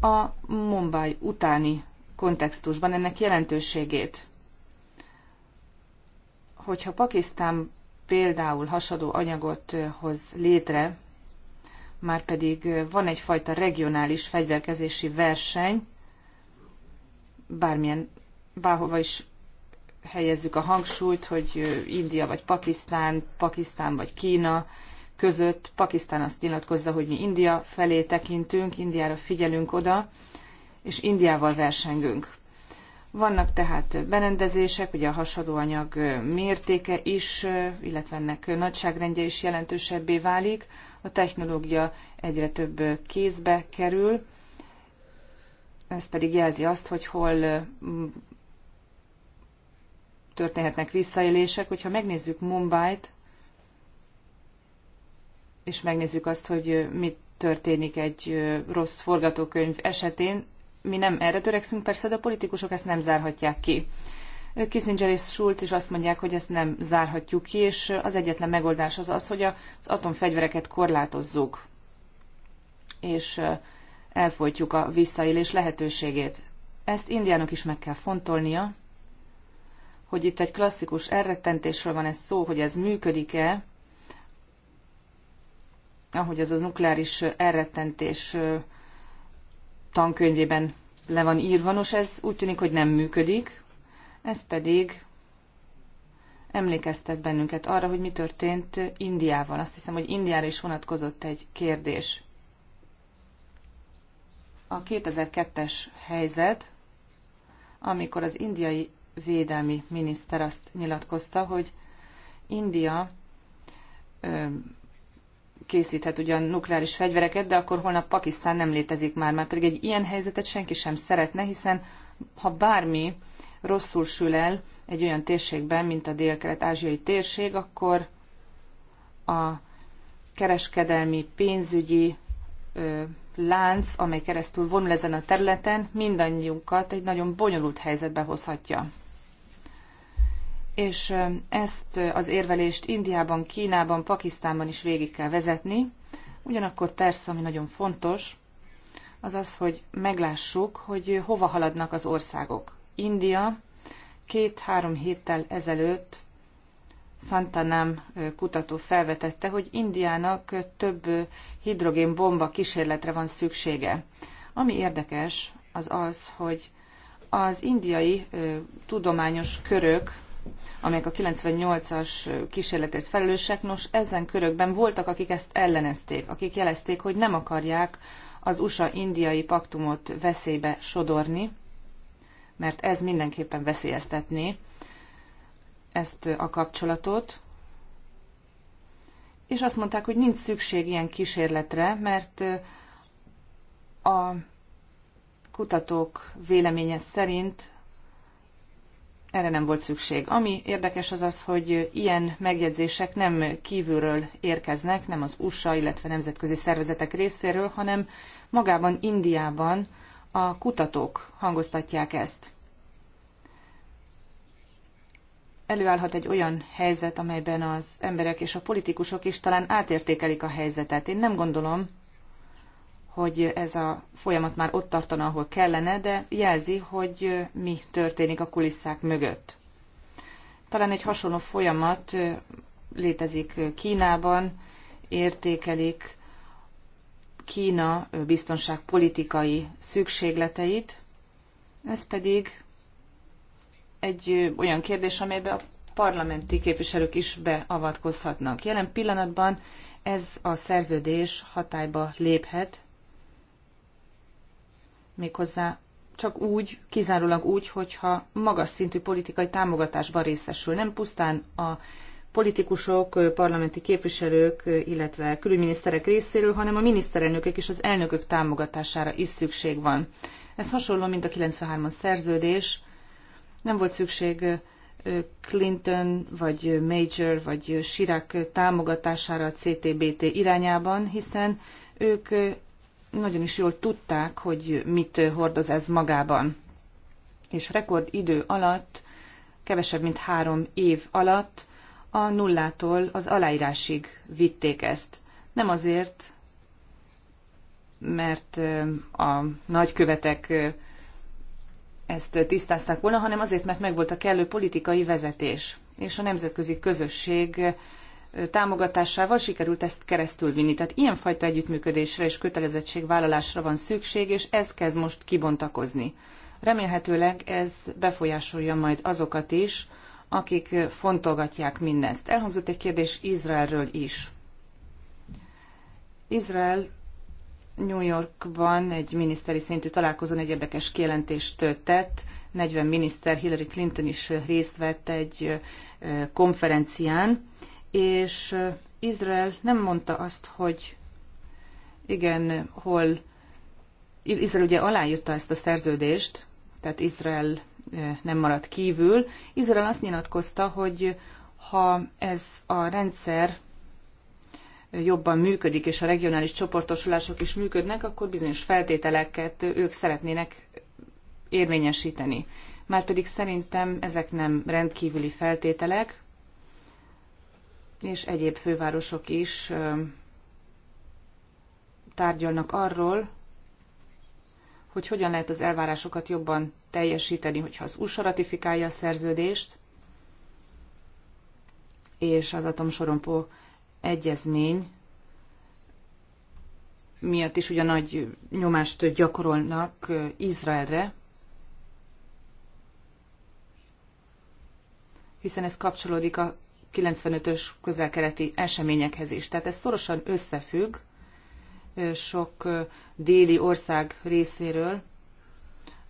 Speaker 3: a Mumbai utáni kontextusban ennek jelentőségét. Hogyha Pakisztán például hasadó anyagot hoz létre, már pedig van egyfajta regionális fegyverkezési verseny, bármilyen bárhova is helyezzük a hangsúlyt, hogy India vagy Pakisztán, Pakisztán vagy Kína között. Pakisztán azt nyilatkozza, hogy mi India felé tekintünk, Indiára figyelünk oda, és Indiával versengünk. Vannak tehát berendezések, ugye a hasadóanyag mértéke is, illetve ennek nagyságrendje is jelentősebbé válik, a technológia egyre több kézbe kerül, ez pedig jelzi azt, hogy hol történhetnek visszaélések. Hogyha megnézzük Mumbai-t és megnézzük azt, hogy mit történik egy rossz forgatókönyv esetén, mi nem erre törekszünk persze, de a politikusok ezt nem zárhatják ki. Kissinger és Schulz is azt mondják, hogy ezt nem zárhatjuk ki, és az egyetlen megoldás az az, hogy az atomfegyvereket korlátozzuk, és elfolytjuk a visszaélés lehetőségét. Ezt Indiának is meg kell fontolnia, hogy itt egy klasszikus elrettentésről van ez szó, hogy ez működik-e, ahogy az az nukleáris elrettentés tankönyvében le van írva. Nos, ez úgy tűnik, hogy nem működik, ez pedig emlékeztet bennünket arra, hogy mi történt Indiával. Azt hiszem, hogy Indiára is vonatkozott egy kérdés. A 2002-es helyzet, amikor az indiai védelmi miniszter azt nyilatkozta, hogy India készíthet ugyan nukleáris fegyvereket, de akkor holnap Pakisztán nem létezik már, mert pedig egy ilyen helyzetet senki sem szeretne, hiszen ha bármi rosszul sül el egy olyan térségben, mint a dél-kelet-ázsiai térség, akkor a kereskedelmi, pénzügyi ö, lánc, amely keresztül vonul ezen a területen, mindannyiunkat egy nagyon bonyolult helyzetbe hozhatja és ezt az érvelést Indiában, Kínában, Pakisztánban is végig kell vezetni. Ugyanakkor persze, ami nagyon fontos, az az, hogy meglássuk, hogy hova haladnak az országok. India két-három héttel ezelőtt Santanam kutató felvetette, hogy Indiának több hidrogénbomba kísérletre van szüksége. Ami érdekes, az az, hogy az indiai tudományos körök amelyek a 98-as kísérletért felelősek. Nos, ezen körökben voltak, akik ezt ellenezték, akik jelezték, hogy nem akarják az USA-indiai paktumot veszélybe sodorni, mert ez mindenképpen veszélyeztetné ezt a kapcsolatot. És azt mondták, hogy nincs szükség ilyen kísérletre, mert a kutatók véleménye szerint erre nem volt szükség. Ami érdekes az az, hogy ilyen megjegyzések nem kívülről érkeznek, nem az USA, illetve nemzetközi szervezetek részéről, hanem magában Indiában a kutatók hangoztatják ezt. Előállhat egy olyan helyzet, amelyben az emberek és a politikusok is talán átértékelik a helyzetet. Én nem gondolom, hogy ez a folyamat már ott tartana, ahol kellene, de jelzi, hogy mi történik a kulisszák mögött. Talán egy hasonló folyamat létezik Kínában, értékelik Kína biztonságpolitikai szükségleteit, ez pedig egy olyan kérdés, amelybe a parlamenti képviselők is beavatkozhatnak. Jelen pillanatban ez a szerződés hatályba léphet, méghozzá csak úgy, kizárólag úgy, hogyha magas szintű politikai támogatásban részesül. Nem pusztán a politikusok, parlamenti képviselők, illetve külügyminiszterek részéről, hanem a miniszterelnökök és az elnökök támogatására is szükség van. Ez hasonló, mint a 93-as szerződés. Nem volt szükség Clinton, vagy Major, vagy Chirac támogatására a CTBT irányában, hiszen ők nagyon is jól tudták, hogy mit hordoz ez magában. És rekord idő alatt, kevesebb mint három év alatt a nullától az aláírásig vitték ezt. Nem azért, mert a nagykövetek ezt tisztázták volna, hanem azért, mert megvolt a kellő politikai vezetés, és a nemzetközi közösség támogatásával sikerült ezt vinni. Tehát ilyenfajta együttműködésre és kötelezettségvállalásra van szükség, és ez kezd most kibontakozni. Remélhetőleg ez befolyásolja majd azokat is, akik fontolgatják mindezt. Elhangzott egy kérdés Izraelről is. Izrael New Yorkban egy miniszteri szintű találkozón egy érdekes kijelentést tett. 40 miniszter Hillary Clinton is részt vett egy konferencián, és Izrael nem mondta azt, hogy igen, hol Izrael ugye aláírta ezt a szerződést, tehát Izrael nem maradt kívül. Izrael azt nyilatkozta, hogy ha ez a rendszer jobban működik, és a regionális csoportosulások is működnek, akkor bizonyos feltételeket ők szeretnének érvényesíteni. Márpedig szerintem ezek nem rendkívüli feltételek, és egyéb fővárosok is tárgyalnak arról, hogy hogyan lehet az elvárásokat jobban teljesíteni, hogyha az USA ratifikálja a szerződést, és az atomsorompó egyezmény miatt is ugye nagy nyomást gyakorolnak Izraelre, hiszen ez kapcsolódik a 95-ös közelkeleti eseményekhez is. Tehát ez szorosan összefügg sok déli ország részéről,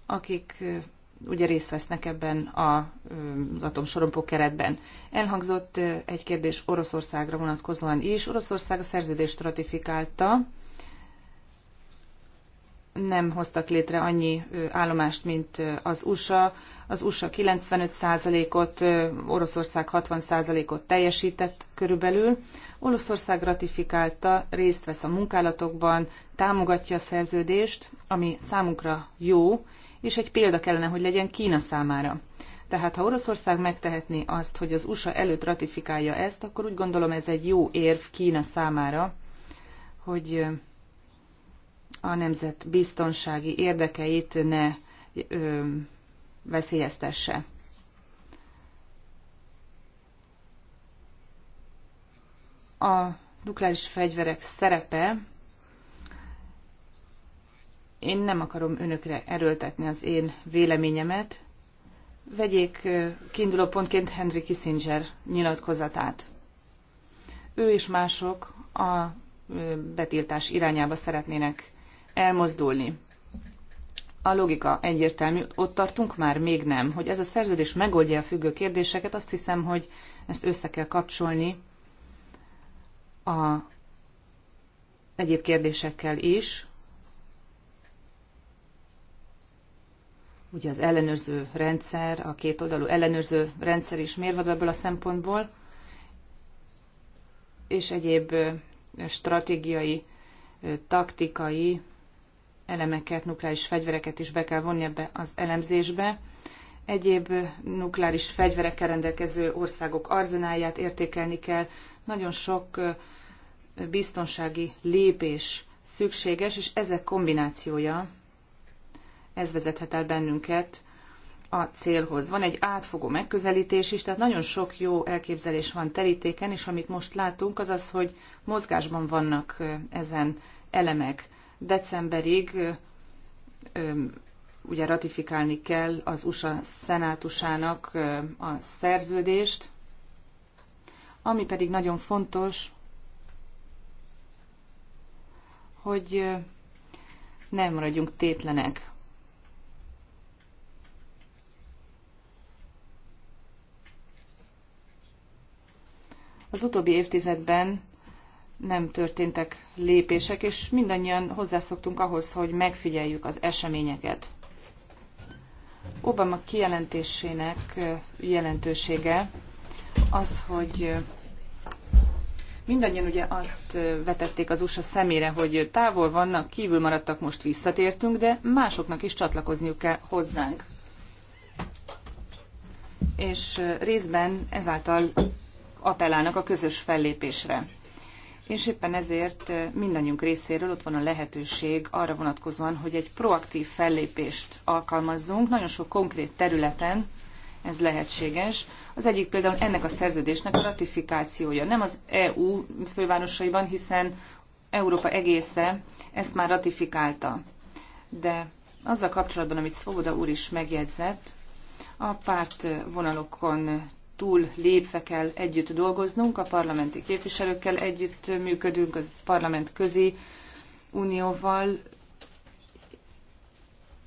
Speaker 3: akik ugye részt vesznek ebben az atomsorompó keretben. Elhangzott egy kérdés Oroszországra vonatkozóan is. Oroszország a szerződést ratifikálta, nem hoztak létre annyi állomást, mint az USA. Az USA 95%-ot, Oroszország 60%-ot teljesített körülbelül. Oroszország ratifikálta, részt vesz a munkálatokban, támogatja a szerződést, ami számunkra jó, és egy példa kellene, hogy legyen Kína számára. Tehát ha Oroszország megtehetné azt, hogy az USA előtt ratifikálja ezt, akkor úgy gondolom ez egy jó érv Kína számára, hogy a nemzet biztonsági érdekeit ne ö, veszélyeztesse. A nukleáris fegyverek szerepe én nem akarom önökre erőltetni az én véleményemet. Vegyék kiinduló pontként Henry Kissinger nyilatkozatát. Ő és mások a betiltás irányába szeretnének elmozdulni. A logika egyértelmű, ott tartunk már, még nem. Hogy ez a szerződés megoldja a függő kérdéseket, azt hiszem, hogy ezt össze kell kapcsolni a egyéb kérdésekkel is. Ugye az ellenőrző rendszer, a két oldalú ellenőrző rendszer is mérvadó ebből a szempontból, és egyéb stratégiai, taktikai elemeket, nukleáris fegyvereket is be kell vonni ebbe az elemzésbe. Egyéb nukleáris fegyverekkel rendelkező országok arzenáját értékelni kell. Nagyon sok biztonsági lépés szükséges, és ezek kombinációja, ez vezethet el bennünket a célhoz. Van egy átfogó megközelítés is, tehát nagyon sok jó elképzelés van terítéken, és amit most látunk, az az, hogy mozgásban vannak ezen elemek decemberig ugye ratifikálni kell az USA szenátusának a szerződést, ami pedig nagyon fontos, hogy nem maradjunk tétlenek. Az utóbbi évtizedben nem történtek lépések, és mindannyian hozzászoktunk ahhoz, hogy megfigyeljük az eseményeket. Obama kijelentésének jelentősége az, hogy mindannyian ugye azt vetették az USA szemére, hogy távol vannak, kívül maradtak, most visszatértünk, de másoknak is csatlakozniuk kell hozzánk. És részben ezáltal appellálnak a közös fellépésre és éppen ezért mindannyiunk részéről ott van a lehetőség arra vonatkozóan, hogy egy proaktív fellépést alkalmazzunk. Nagyon sok konkrét területen ez lehetséges. Az egyik például ennek a szerződésnek a ratifikációja. Nem az EU fővárosaiban, hiszen Európa egésze ezt már ratifikálta. De azzal kapcsolatban, amit Szvoboda úr is megjegyzett, a párt vonalokon túl lépve kell együtt dolgoznunk, a parlamenti képviselőkkel együtt működünk, az parlament közi unióval,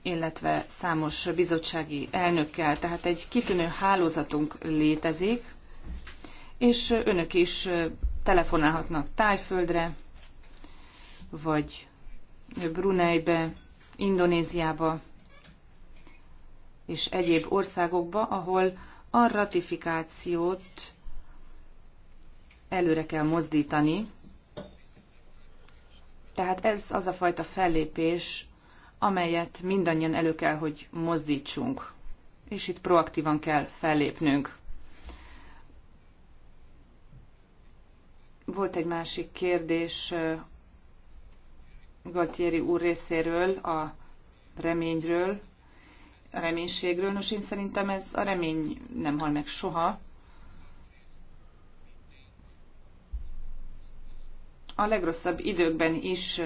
Speaker 3: illetve számos bizottsági elnökkel. Tehát egy kitűnő hálózatunk létezik, és önök is telefonálhatnak Tájföldre, vagy Bruneibe, Indonéziába és egyéb országokba, ahol a ratifikációt előre kell mozdítani. Tehát ez az a fajta fellépés, amelyet mindannyian elő kell, hogy mozdítsunk. És itt proaktívan kell fellépnünk. Volt egy másik kérdés Galtieri úr részéről, a reményről, a reménységről. Nos, én szerintem ez a remény nem hal meg soha. A legrosszabb időkben is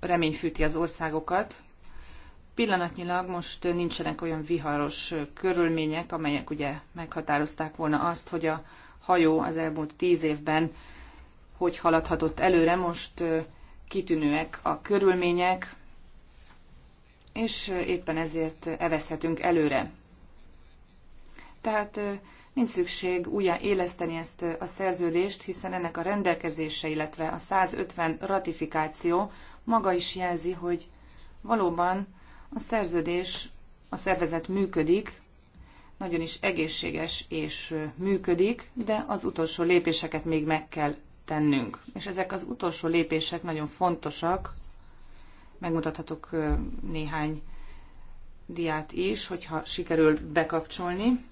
Speaker 3: remény fűti az országokat. Pillanatnyilag most nincsenek olyan viharos körülmények, amelyek ugye meghatározták volna azt, hogy a hajó az elmúlt tíz évben hogy haladhatott előre. Most kitűnőek a körülmények, és éppen ezért evezhetünk előre. Tehát nincs szükség újjá éleszteni ezt a szerződést, hiszen ennek a rendelkezése, illetve a 150 ratifikáció maga is jelzi, hogy valóban a szerződés, a szervezet működik, nagyon is egészséges és működik, de az utolsó lépéseket még meg kell tennünk. És ezek az utolsó lépések nagyon fontosak megmutathatok néhány diát is, hogyha sikerül bekapcsolni.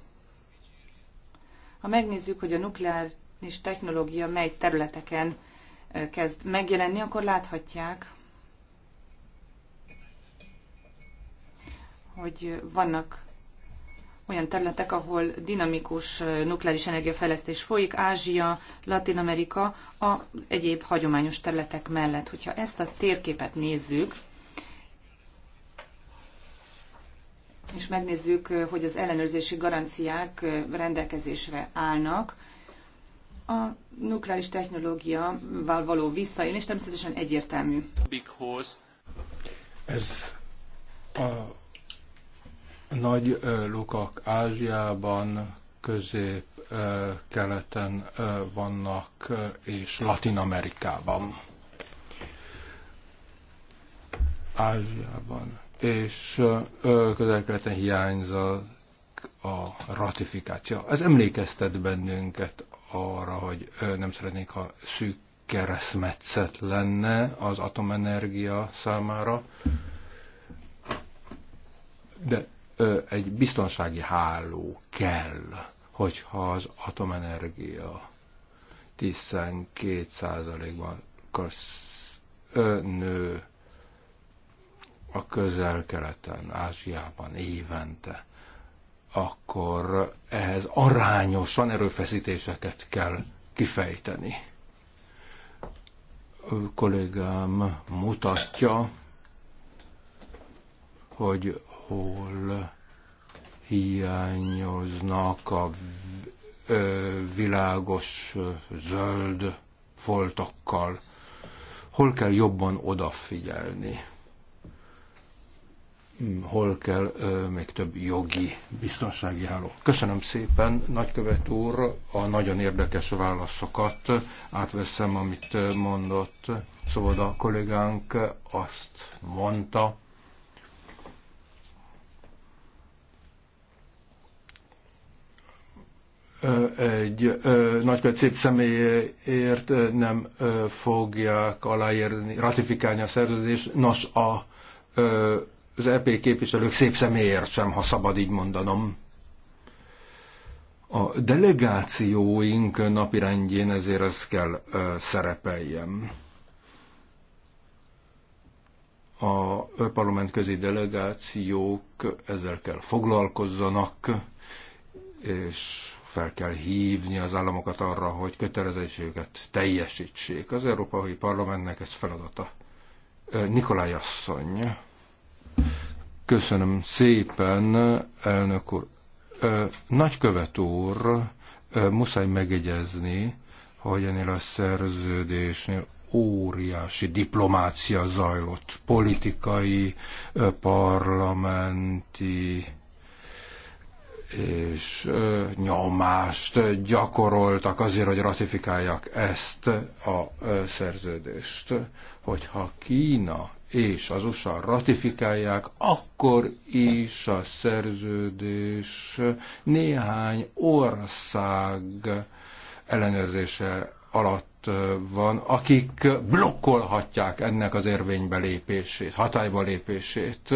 Speaker 3: Ha megnézzük, hogy a nukleáris technológia mely területeken kezd megjelenni, akkor láthatják, hogy vannak olyan területek, ahol dinamikus nukleáris energiafejlesztés folyik, Ázsia, Latin Amerika, a egyéb hagyományos területek mellett. Hogyha ezt a térképet nézzük, és megnézzük, hogy az ellenőrzési garanciák rendelkezésre állnak, a nukleáris technológiával való visszaélés természetesen egyértelmű.
Speaker 1: Ez a nagy lukak Ázsiában, közép-keleten vannak, és Latin-Amerikában. Ázsiában és közel-keleten hiányzik a ratifikáció. Ez emlékeztet bennünket arra, hogy nem szeretnék, ha szűk keresztmetszet lenne az atomenergia számára, de egy biztonsági háló kell, hogyha az atomenergia 12%-ban nő a közel-keleten, Ázsiában évente, akkor ehhez arányosan erőfeszítéseket kell kifejteni. A kollégám mutatja, hogy ahol hiányoznak a világos zöld foltakkal. Hol kell jobban odafigyelni? Hol kell még több jogi biztonsági háló? Köszönöm szépen, nagykövet úr, a nagyon érdekes válaszokat. Átveszem, amit mondott. Szóval a kollégánk azt mondta, egy nagykövet szép személyért nem fogják aláírni, ratifikálni a szerződést. Nos, a, az EP képviselők szép személyért sem, ha szabad így mondanom. A delegációink napirendjén ezért ez kell szerepeljem. A parlamentközi delegációk ezzel kell foglalkozzanak, és fel kell hívni az államokat arra, hogy kötelezettségüket teljesítsék. Az Európai Parlamentnek ez feladata. Nikolaj asszony. Köszönöm szépen, elnök úr. Nagykövet úr, muszáj megegyezni, hogy ennél a szerződésnél óriási diplomácia zajlott, politikai, parlamenti, és nyomást gyakoroltak azért, hogy ratifikálják ezt a szerződést. Hogyha Kína és az USA ratifikálják, akkor is a szerződés néhány ország ellenőrzése alatt van, akik blokkolhatják ennek az érvénybe lépését, hatályba lépését.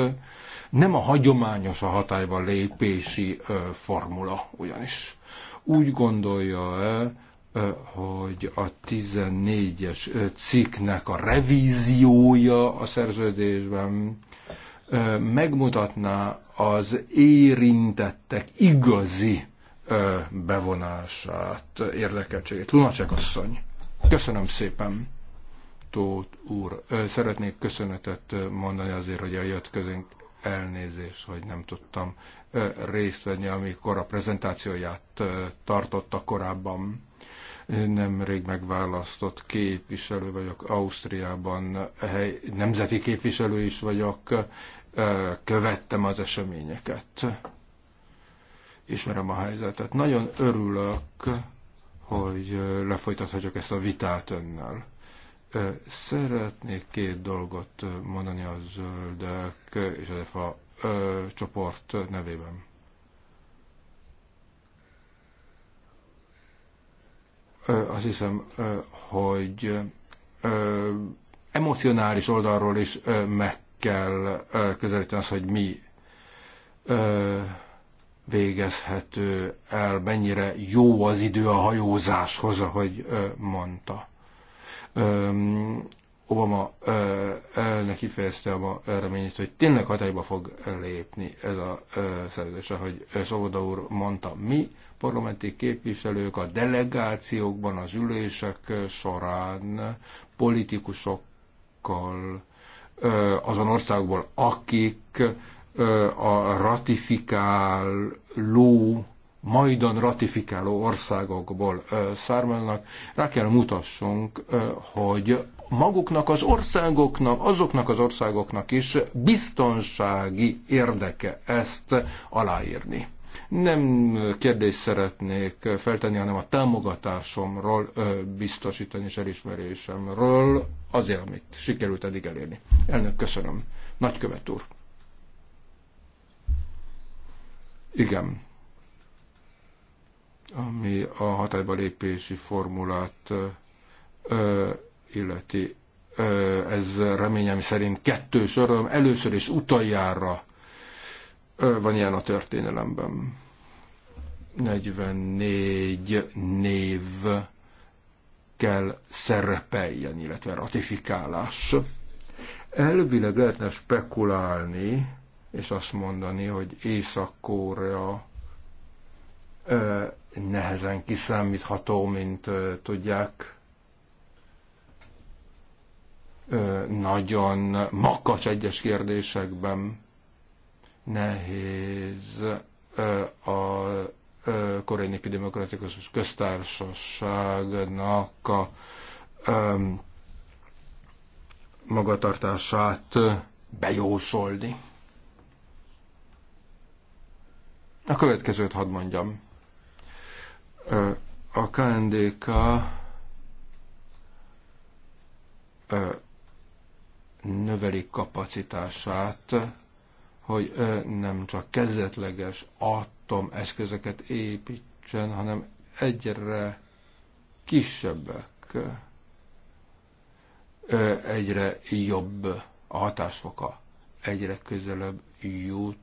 Speaker 1: Nem a hagyományos a hatályba lépési formula ugyanis. Úgy gondolja -e, hogy a 14-es cikknek a revíziója a szerződésben megmutatná az érintettek igazi bevonását, érdekeltségét. Lunacek asszony, köszönöm szépen. Tóth úr, szeretnék köszönetet mondani azért, hogy eljött közénk elnézést, hogy nem tudtam részt venni, amikor a prezentációját tartotta korábban. Nemrég megválasztott képviselő vagyok Ausztriában, hely, nemzeti képviselő is vagyok, követtem az eseményeket ismerem a helyzetet. Nagyon örülök, hogy lefolytathatjuk ezt a vitát önnel. Szeretnék két dolgot mondani a zöldek és az EFA csoport nevében. Azt hiszem, hogy emocionális oldalról is meg kell közelíteni azt, hogy mi végezhető el, mennyire jó az idő a hajózáshoz, ahogy mondta. Obama elnök kifejezte a reményét, hogy tényleg hatályba fog lépni ez a szerződés, ahogy Szoboda úr mondta, mi parlamenti képviselők a delegációkban, az ülések során politikusokkal azon országból, akik a ratifikáló, majdan ratifikáló országokból származnak, rá kell mutassunk, hogy maguknak az országoknak, azoknak az országoknak is biztonsági érdeke ezt aláírni. Nem kérdést szeretnék feltenni, hanem a támogatásomról biztosítani és elismerésemről azért, amit sikerült eddig elérni. Elnök, köszönöm. Nagykövet úr. Igen. Ami a hatályba lépési formulát ö, illeti, ö, ez reményem szerint kettős öröm, először és utoljára ö, van ilyen a történelemben. 44 név kell szerepeljen, illetve ratifikálás. Elvileg lehetne spekulálni, és azt mondani, hogy Észak-Korea nehezen kiszámítható, mint tudják, nagyon makacs egyes kérdésekben nehéz a koreai népi demokratikus köztársaságnak a magatartását bejósolni. A következőt hadd mondjam. A KNDK növeli kapacitását, hogy nem csak kezdetleges atomeszközöket építsen, hanem egyre kisebbek, egyre jobb a hatásfoka, egyre közelebb jut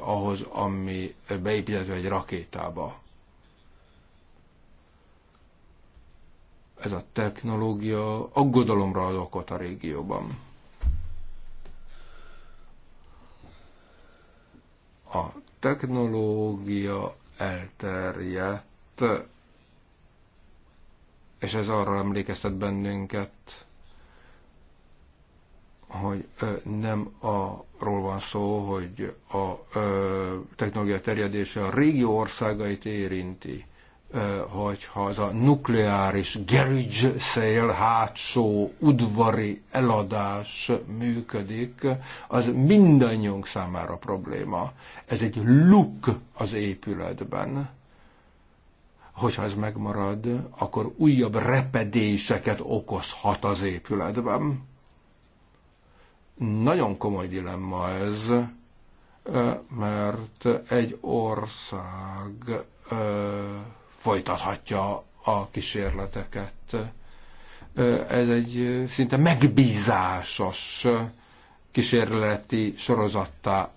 Speaker 1: ahhoz, ami beépíthető egy rakétába. Ez a technológia aggodalomra ad okot a régióban. A technológia elterjedt, és ez arra emlékeztet bennünket, hogy nem arról van szó, hogy a technológia terjedése a régió országait érinti, hogyha az a nukleáris garage szél hátsó udvari eladás működik, az mindannyiunk számára probléma. Ez egy luk az épületben. Hogyha ez megmarad, akkor újabb repedéseket okozhat az épületben nagyon komoly dilemma ez, mert egy ország folytathatja a kísérleteket. Ez egy szinte megbízásos kísérleti sorozattá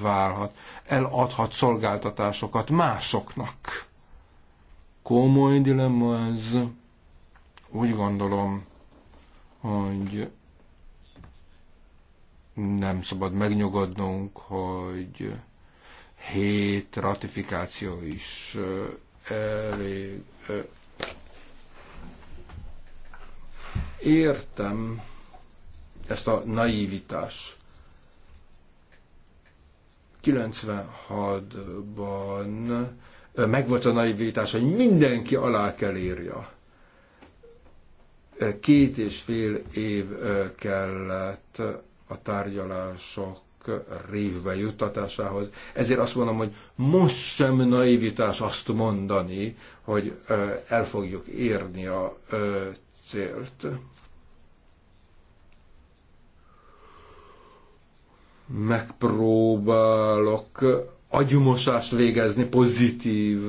Speaker 1: válhat. Eladhat szolgáltatásokat másoknak. Komoly dilemma ez. Úgy gondolom, hogy nem szabad megnyugodnunk, hogy hét ratifikáció is elég. Értem ezt a naivitás. 96-ban megvolt a naivitás, hogy mindenki alá kell írja. Két és fél év kellett a tárgyalások révbe juttatásához. Ezért azt mondom, hogy most sem naivitás azt mondani, hogy el fogjuk érni a célt. Megpróbálok agyumosást végezni pozitív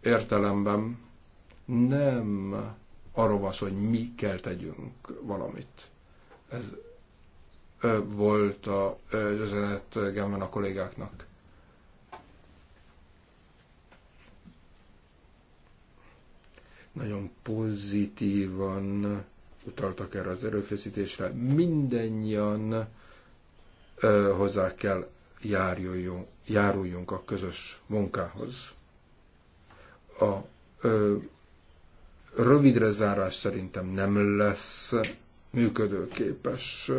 Speaker 1: értelemben. Nem arról van szó, hogy mi kell tegyünk valamit. Ez volt a üzenet Gámban a kollégáknak. Nagyon pozitívan utaltak erre az erőfeszítésre. Mindennyian ö, hozzá kell járuljunk, járuljunk a közös munkához. A ö, rövidre zárás szerintem nem lesz működőképes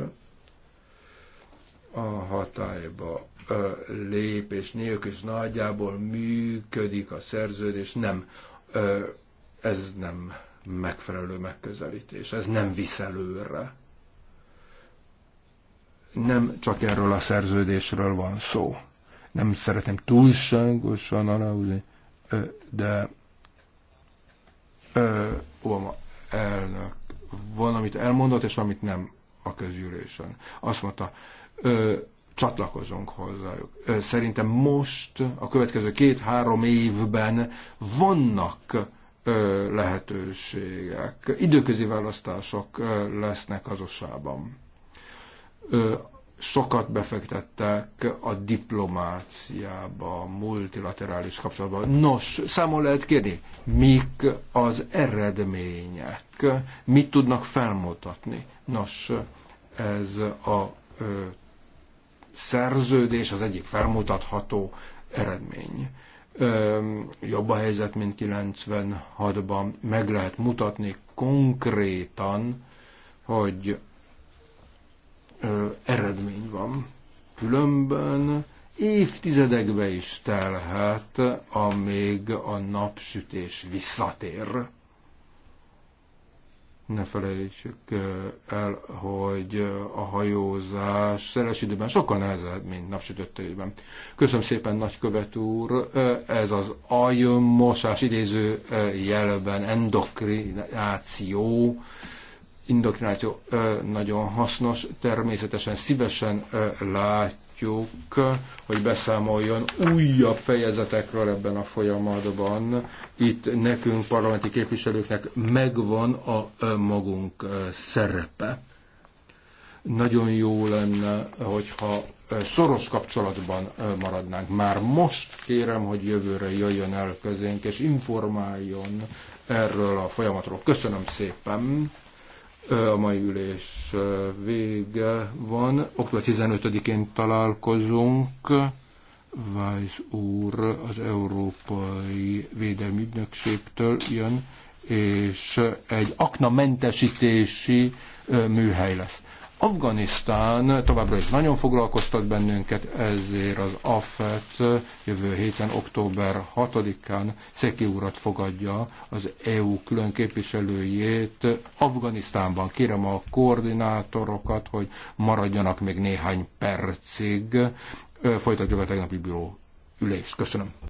Speaker 1: a hatályba lépés nélkül, is nagyjából működik a szerződés, nem, ez nem megfelelő megközelítés, ez nem visz előre. Nem csak erről a szerződésről van szó. Nem szeretem túlságosan aláhúzni, de Obama elnök van, amit elmondott, és amit nem a közgyűlésen. Azt mondta, ö, csatlakozunk hozzájuk. Ö, szerintem most, a következő két-három évben vannak ö, lehetőségek. Időközi választások ö, lesznek az osában. Ö, sokat befektettek a diplomáciába, a multilaterális kapcsolatban. Nos, számon lehet kérni, mik az eredmények, mit tudnak felmutatni. Nos, ez a szerződés az egyik felmutatható eredmény. Jobb a helyzet, mint 96-ban. Meg lehet mutatni konkrétan, hogy eredmény van. Különben évtizedekbe is telhet, amíg a napsütés visszatér. Ne felejtsük el, hogy a hajózás szeles időben sokkal nehezebb, mint napsütöttőben. Köszönöm szépen, nagykövet úr, ez az ajömmosás idéző jelben endokrináció, indokrináció nagyon hasznos, természetesen szívesen lát megkívánhatjuk, hogy beszámoljon újabb fejezetekről ebben a folyamatban. Itt nekünk, parlamenti képviselőknek megvan a magunk szerepe. Nagyon jó lenne, hogyha szoros kapcsolatban maradnánk. Már most kérem, hogy jövőre jöjjön el közénk, és informáljon erről a folyamatról. Köszönöm szépen! A mai ülés vége van. Október 15-én találkozunk. Vájsz úr az Európai Védelmi Ügynökségtől jön, és egy aknamentesítési műhely lesz. Afganisztán továbbra is nagyon foglalkoztat bennünket, ezért az AFET jövő héten, október 6-án Szeki úrat fogadja az EU külön képviselőjét Afganisztánban. Kérem a koordinátorokat, hogy maradjanak még néhány percig. Folytatjuk a tegnapi bíró ülést. Köszönöm.